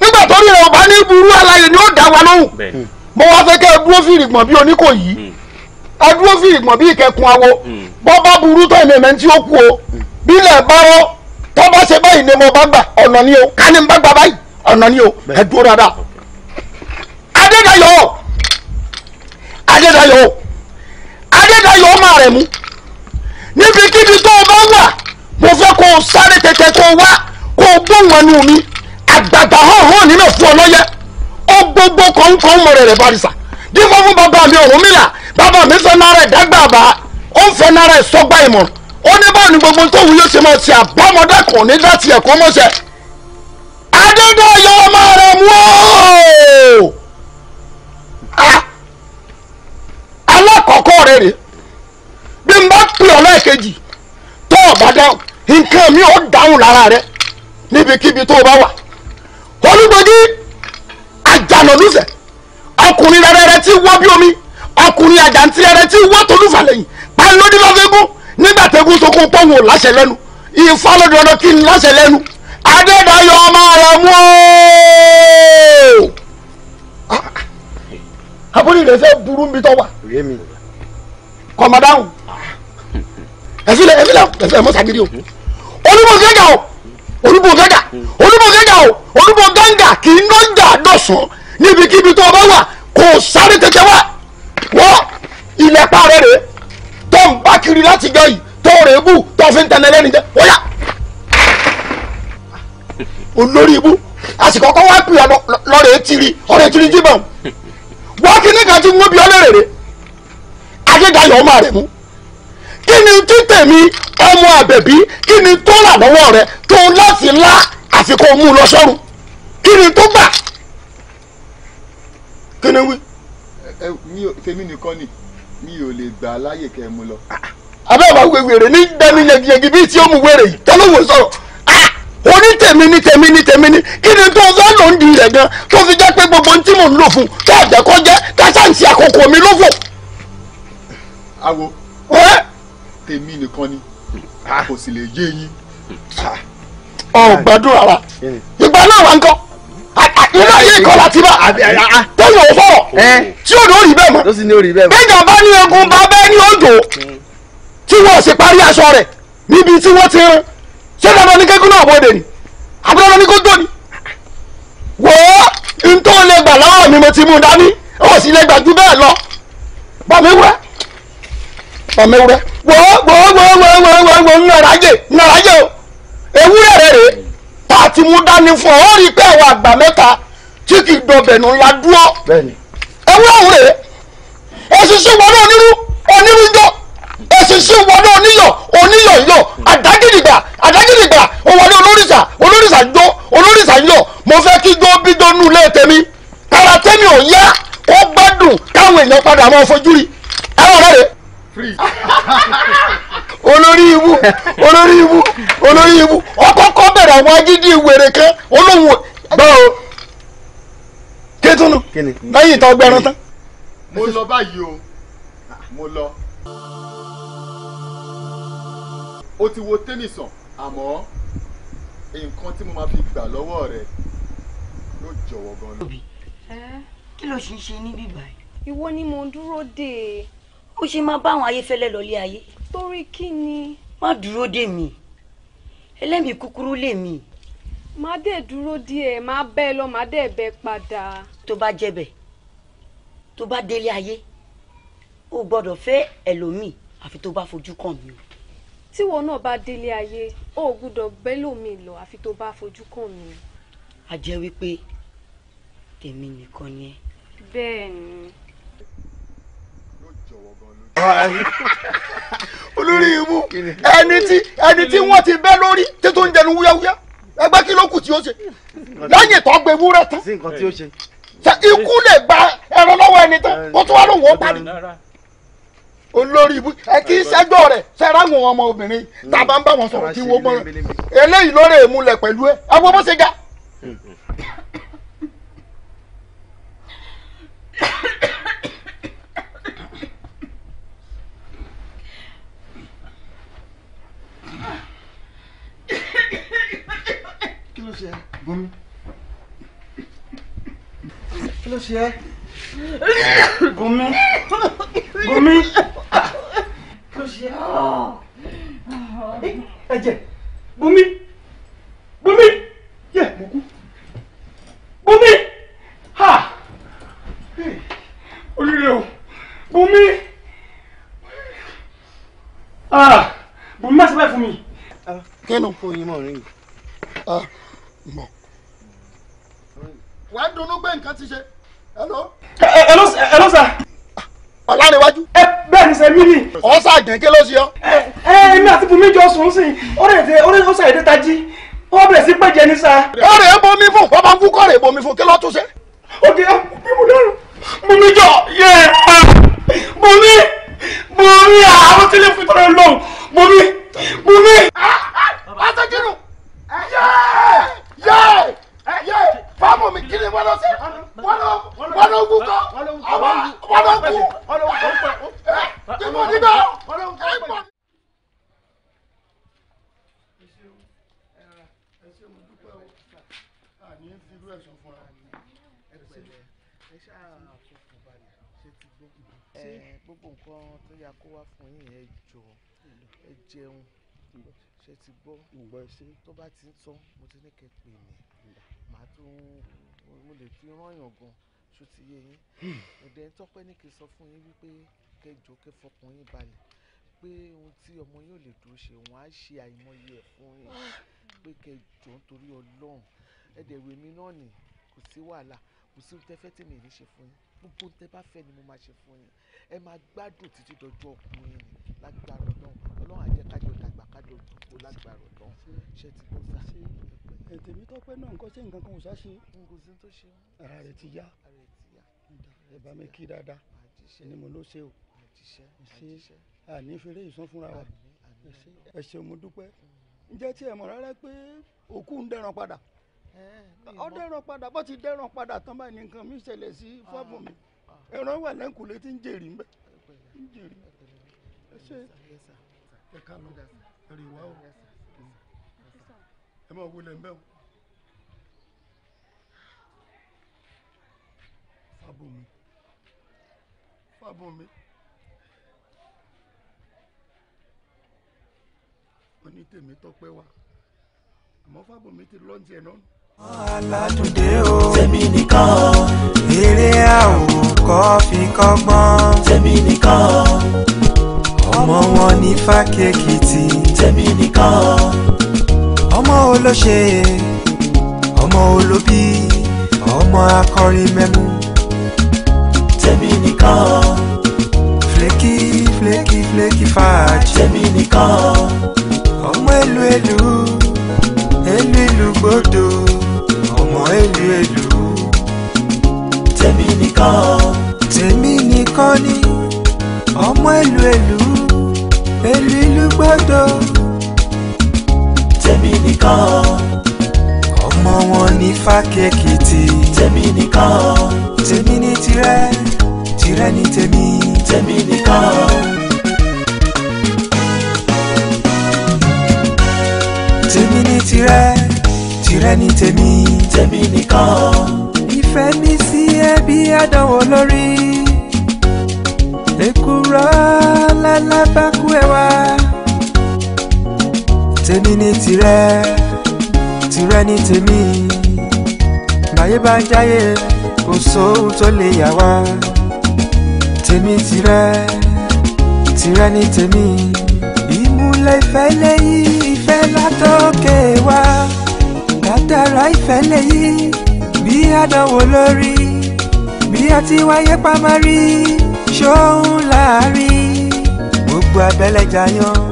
Speaker 2: nígbà tó rí ọba ní burú aláyé ni ó dá wa lóhùn mo wá fẹ́ kẹ́ ẹ dúró fìrì gbọ̀n bí oníkò yìí hmm. ẹ dúró fìrì gbọ̀n bí ìkẹkùn awo hmm. bọ́ burú tó ẹ̀mí ó o hmm. bílẹ̀ bá rọ́ tó bá ṣe báyìí ni mo bá gbà ọ̀nà ni o ká n bá gbà báyìí ọ̀nà ni o ẹ níbikíbi tó o bá wà mo fẹ́ kó o sáré tètè kó o wá ọ lọ́yẹ ó gbogbo kọ̀ọ̀kan mọ̀ fún bàbá mi bàbá mi fẹ́ nára ẹ̀ dágbà bá ó ń fẹ́ nára ẹ̀ sọ́gbà ìmọ̀ ó ní gbogbo tó wù yóò ṣe ṣe àbámọ́dá kan ní láti ọmọ rẹ̀ mú ah! alákọ̀ọ́kọ́ rẹ̀ rèé bí n bá pè ọ́ tó o bá dáhùn nǹkan mi ò dáhùn lára rẹ níbikíbi tó o bá wà olùgbòdì àjànàlùfẹ́ ọkùnrin rẹ̀rẹ̀ ti wọ́ bí omi ọkùnrin àjàntí rẹ̀rẹ̀ tí wọ́ tolúfàlẹ́yìn pálódì lọ́fẹ́gún nígbà tẹ́gùn sokun pọ́hùn láṣẹ lẹ́nu ìfọ́ kí n láṣẹ lẹ́nu adédayọ̀ ọmọ mú o. Ah, ah. abúlé rẹ̀ fẹ́ burú mi tọ́ wa kọ̀mọ̀dáhùn. ẹ̀fílẹ̀ ẹ̀fílẹ̀ ẹ̀fílẹ̀ mọ́ sàgídí o olúbọ̀ gánga o olúbọ̀ gánga olúbọ̀ gánga o olúbọ̀ gánga kì í nọ́jà dọ̀sán níbikíbi tó o bá wà kò sáré tètè wá wọ́n ilẹ̀ pààrọ̀ rẹ̀ tó ń bá kiri láti jọ yìí tó rẹ̀ bù tó fi ń tẹ̀lé lẹ́nu jẹ́ ó yà olórí ibú àsìkò ọkọ wa pè ọ lọrẹ tiri ọrẹ tiri jíbọn wọn kí ní ká ti ń wọ́n bí ọlẹ́rẹ̀ẹ́rẹ́ adédayọ̀ ọmọ rẹ̀ mú kí ni títẹ̀ mi ọmọ àbẹ̀bí kí ni tó là lọ́wọ́ rẹ tó láti lá àfi kó mú un lọ sọ́run kí ni tó gbà kí ni wí. ẹ mi ò tèmi nìkan ni mi ò lè gbà láyè kẹ́ ẹ mú lọ. Ah, ah. abẹ́ bá wíwèé wèrè ní dání yẹgiyẹgi bíi tí ó mu wèrè yìí tọ́lọ́wọ́ sọ̀rọ̀ ah, oní tèmi ní tèmi ní tèmi ní kí ni tó fẹ́ ló ń di rẹ̀ gan tó fi jẹ́ pé gbogbo ohun tí mò ń lò fún tó àjẹkọ́ jẹ́ ká sáǹtì àkókò mi lófò. àwo. ẹ èmi nìkan ni kò sì lè yé yín. ọ gbàdúrà wa ìgbà náà wà ń kọ́ iná yìí kọ́ láti bá tẹ́lẹ̀ ò fọ̀ tí ò ní ó rí bẹ́ẹ̀ mọ́ bẹ́ẹ̀jà bá ní egun bá bẹ́ẹ̀ ní òjò tí wọ́n sì parí aṣọ rẹ̀ níbi tí wọ́n ti rún ṣé dandan ní kẹ́kún náà bọ́dẹ̀ ni àbúrò dandan ní kó tó ni wọ́ọ́ ntọ́ lè gbà láwọn mi mo ti mú dání ó sì lè gbà ju bẹ́ẹ̀ lọ bàmí wẹ́. ọmọ ewúrẹ́ gbọ̀ngbọ̀ngbọ̀ngbọ̀ngbọ̀ngbọ̀ ńnàràjè o ewúrẹ́ rẹ̀ rè tá dání fún ọ rí pé àgbà tí kì í nù ńlá òun wọn náà onírú onírú olórí ibu olórí ibu olórí ibu bẹ̀rẹ̀ àwọn agídí wèrè kan olóhùn báwo kéétúnú lẹ́yìn tán. mo lọ báyìí o mo lọ o ti wo tẹ́nìsàn àmọ́ nǹkan tí mo máa fi gbà lọwọ rẹ. yóò jọ̀wọ́
Speaker 4: kí ló ṣe ń ni mo dúró ó ṣe máa bá àwọn ayéfẹ́lẹ́ lọlé ayé. torí kí ni. má dúró dè mí ẹlẹ́mìí kúkúrú lè mí. má dẹ̀ dúró díẹ̀ má bẹ́ẹ̀ lọ má dẹ̀ bẹ́ẹ̀ padà. tó bá jẹbẹ̀ tó bá délé ayé ó gbọ́dọ̀ fẹ́ ẹlòmíì àfi tó bá fojú kàn mí o. tíwọ náà bá délé ayé ó gbọ́dọ̀ bẹ́lòmíì lọ àfi tó bá fojú kàn mí o. a jẹ́ wípé
Speaker 2: tèmi nìkan ni ẹ.
Speaker 4: bẹ́ẹ̀ ni
Speaker 2: olórí imú ẹni tí ẹni tí wọ́n ti bẹ́ lórí tí tó ń jẹnu wúyáwúyá ẹgbẹ́ kí ló kù tí ó ṣe lẹ́yìn tó gbé wúrẹ́ tán ikú lè gba ẹran lọ́wọ́ ẹni tán kó tó wá lóun ó parí olórí ibú ẹ kí sẹjọ rẹ fẹ́ràn àwọn ọmọ obìnrin tàbá ń bá wọn sọ̀rọ̀ kí wọn gbọrọ eléyìí lórí èmúlẹ pẹ̀lú ẹ àwọn bó ṣe ga. Mm-hmm. ṣe ẹ́ Bùnmi? Kí ló ṣe ẹ́? Bùnmi? Bùnmi?
Speaker 1: Kí ló ṣe ẹ́?
Speaker 2: Ẹ̀jẹ̀ Bùnmi? Bùnmi? Yẹ mo kú. Bùnmi? Ha! Oríire o! Bùnmi? Ah! Bùnmi má ṣe báyìí fún mi. Ah, kí ló ń fún yín mọ̀ rí? Ah! mọ̀. wàá dunnú pé nǹkan ti ṣe hello. hello hello sir. ọ̀làníwájú. ẹ bẹ́ẹ̀ ni sẹ́ mi ni. ọ̀sà gẹ̀ǹkẹ́ ló ṣe ọ́. ẹ ẹ mi àti bùnmi jọ sùn sí i ó rẹ̀ ṣe ó rẹ̀ ọ̀sà èdè ta jí wọ́n bẹ̀rẹ̀ sí pẹ̀jẹ́ ní sa. ó rẹ̀ ń bomi fún wọ́n bá ń kú kọ́ rẹ̀ bomi fún kí ló tún ṣe. òkè bí mo dẹ́rù bùnmi jọ yẹ e bùnmi bùnmi àwọn tí lè fi tọrọ lọ bùnmi bùnmi. a a a sọ jírù. ẹ yẹ yé yé fáàmù mi kí ni wọ́n lọ sí wọ́n lọ wú kọ́ àwọn wọ́n
Speaker 5: lọ wú
Speaker 2: ẹ tí mo ní bá ẹ pọ̀. gbogbo nǹkan tó yẹ kó wá fún yín ẹ jọ ẹ jẹun ṣe ti gbọ́ ìgbọ́ ẹṣẹ́ tó bá ti tán mo ti ní kẹ́ pè mí màá tún mo lè fi rán yàn gan ṣó ti yé yín hmm. ẹ̀dẹ̀ tọ́pẹ́ ní kí n sọ fún yín wípé kẹjọ kẹ́ fọkàn yín balẹ̀ pé ohun tí ọmọ yín lè dúró ṣe wọn á ṣe àìmọye ẹ̀ fún yín pé kẹjọ nítorí ọlọ́run ẹ̀dẹ̀wé mi náà nì kò sí wàhálà kò sí ohun tẹ́fẹ́ tèmi ní ṣe gbogbo ohun tẹ́ bá fẹ́ ni mo máa ṣe fún yín ẹ máa gbádùn títí dọjọ́ ọkùnrin ni lágbára ọlọ́run ọlọ́run àjẹkájọ dà kájọ tó lágbára ọ̀dọ́ ṣe ti bọ́ sá. ètè mi tọ́pẹ́ náà nǹkan ṣe nǹkan kan ò ṣáṣe. nǹkan ṣe tó ṣe. ara rẹ ti yá. ara rẹ ti yá. ẹ bá mi kí dáadáa. ni mo ló ṣe o. àjíṣẹ́ àjíṣẹ́. àní fèrè ìsan fúnra wa. ẹ ṣeun mo dúpẹ́. ǹjẹ́ tí ẹ mọ̀ rárá pé òkú ń dẹran padà. ó dẹran padà bó ti dẹran padà tán báyìí nǹkan mi ṣẹlẹ̀ sí ah, fábùnmi. Ah. ẹran wà lẹ́ńkùlé tí ń jèrè ń bẹ́ ń jèrè. ẹ ṣe ẹ ká lọ ẹ̀rì wá o ẹ máa wọlé mbẹ́ o fàbọ̀mí fàbọ̀mí oní tèmi tọpẹ́ wa àmọ́ fàbọ̀mí
Speaker 1: ti lọ́ọ̀tì ẹ̀ náà. aládùndé o tèmi nìkan eré àwòkọ́ fi kọ́gbọ́n tèmi nìkan ọmọ wọn ní fákèkìtì tèmi nìkan ọmọ olóṣè ọmọ olóbí ọmọ akọrin mẹ́mú tèmi nìkan flékì flékì flékì fàájì tèmi nìkan ọmọ èlú èlú èlú ìlú gbòdò ọmọ èlú èlú tèmi nìkan tèmi nìkan ni ọmọ èlú èlú èmi ló gbọ́dọ̀. tèmi nìkan. ọmọ wọn ní fákẹ́kìtì. tèmi nìkan. tèmi ní tirẹ̀ tirẹ̀ ní tèmi. tèmi nìkan. tèmi ní tirẹ̀ tirẹ̀ ní tèmi. tèmi nìkan. ìfẹ́ mi sí ẹbí àdánwò lórí ekura lálá bá kú ẹ wá tèmi ni tìrẹ tìrẹ ni tèmi báyé bá ń jáyé kò sóhun tó lè yà wá tèmi tìrẹ tìrẹ ni tèmi ìmúlẹ̀ ìfẹ́ lẹ́yìn ìfẹ́ látòkè wá kádàrá ìfẹ́ lẹ́yìn bí àdánwò lórí bí a ti wáyé pamari ṣóun láàrin gbogbo abẹ́lẹ́jayọ́.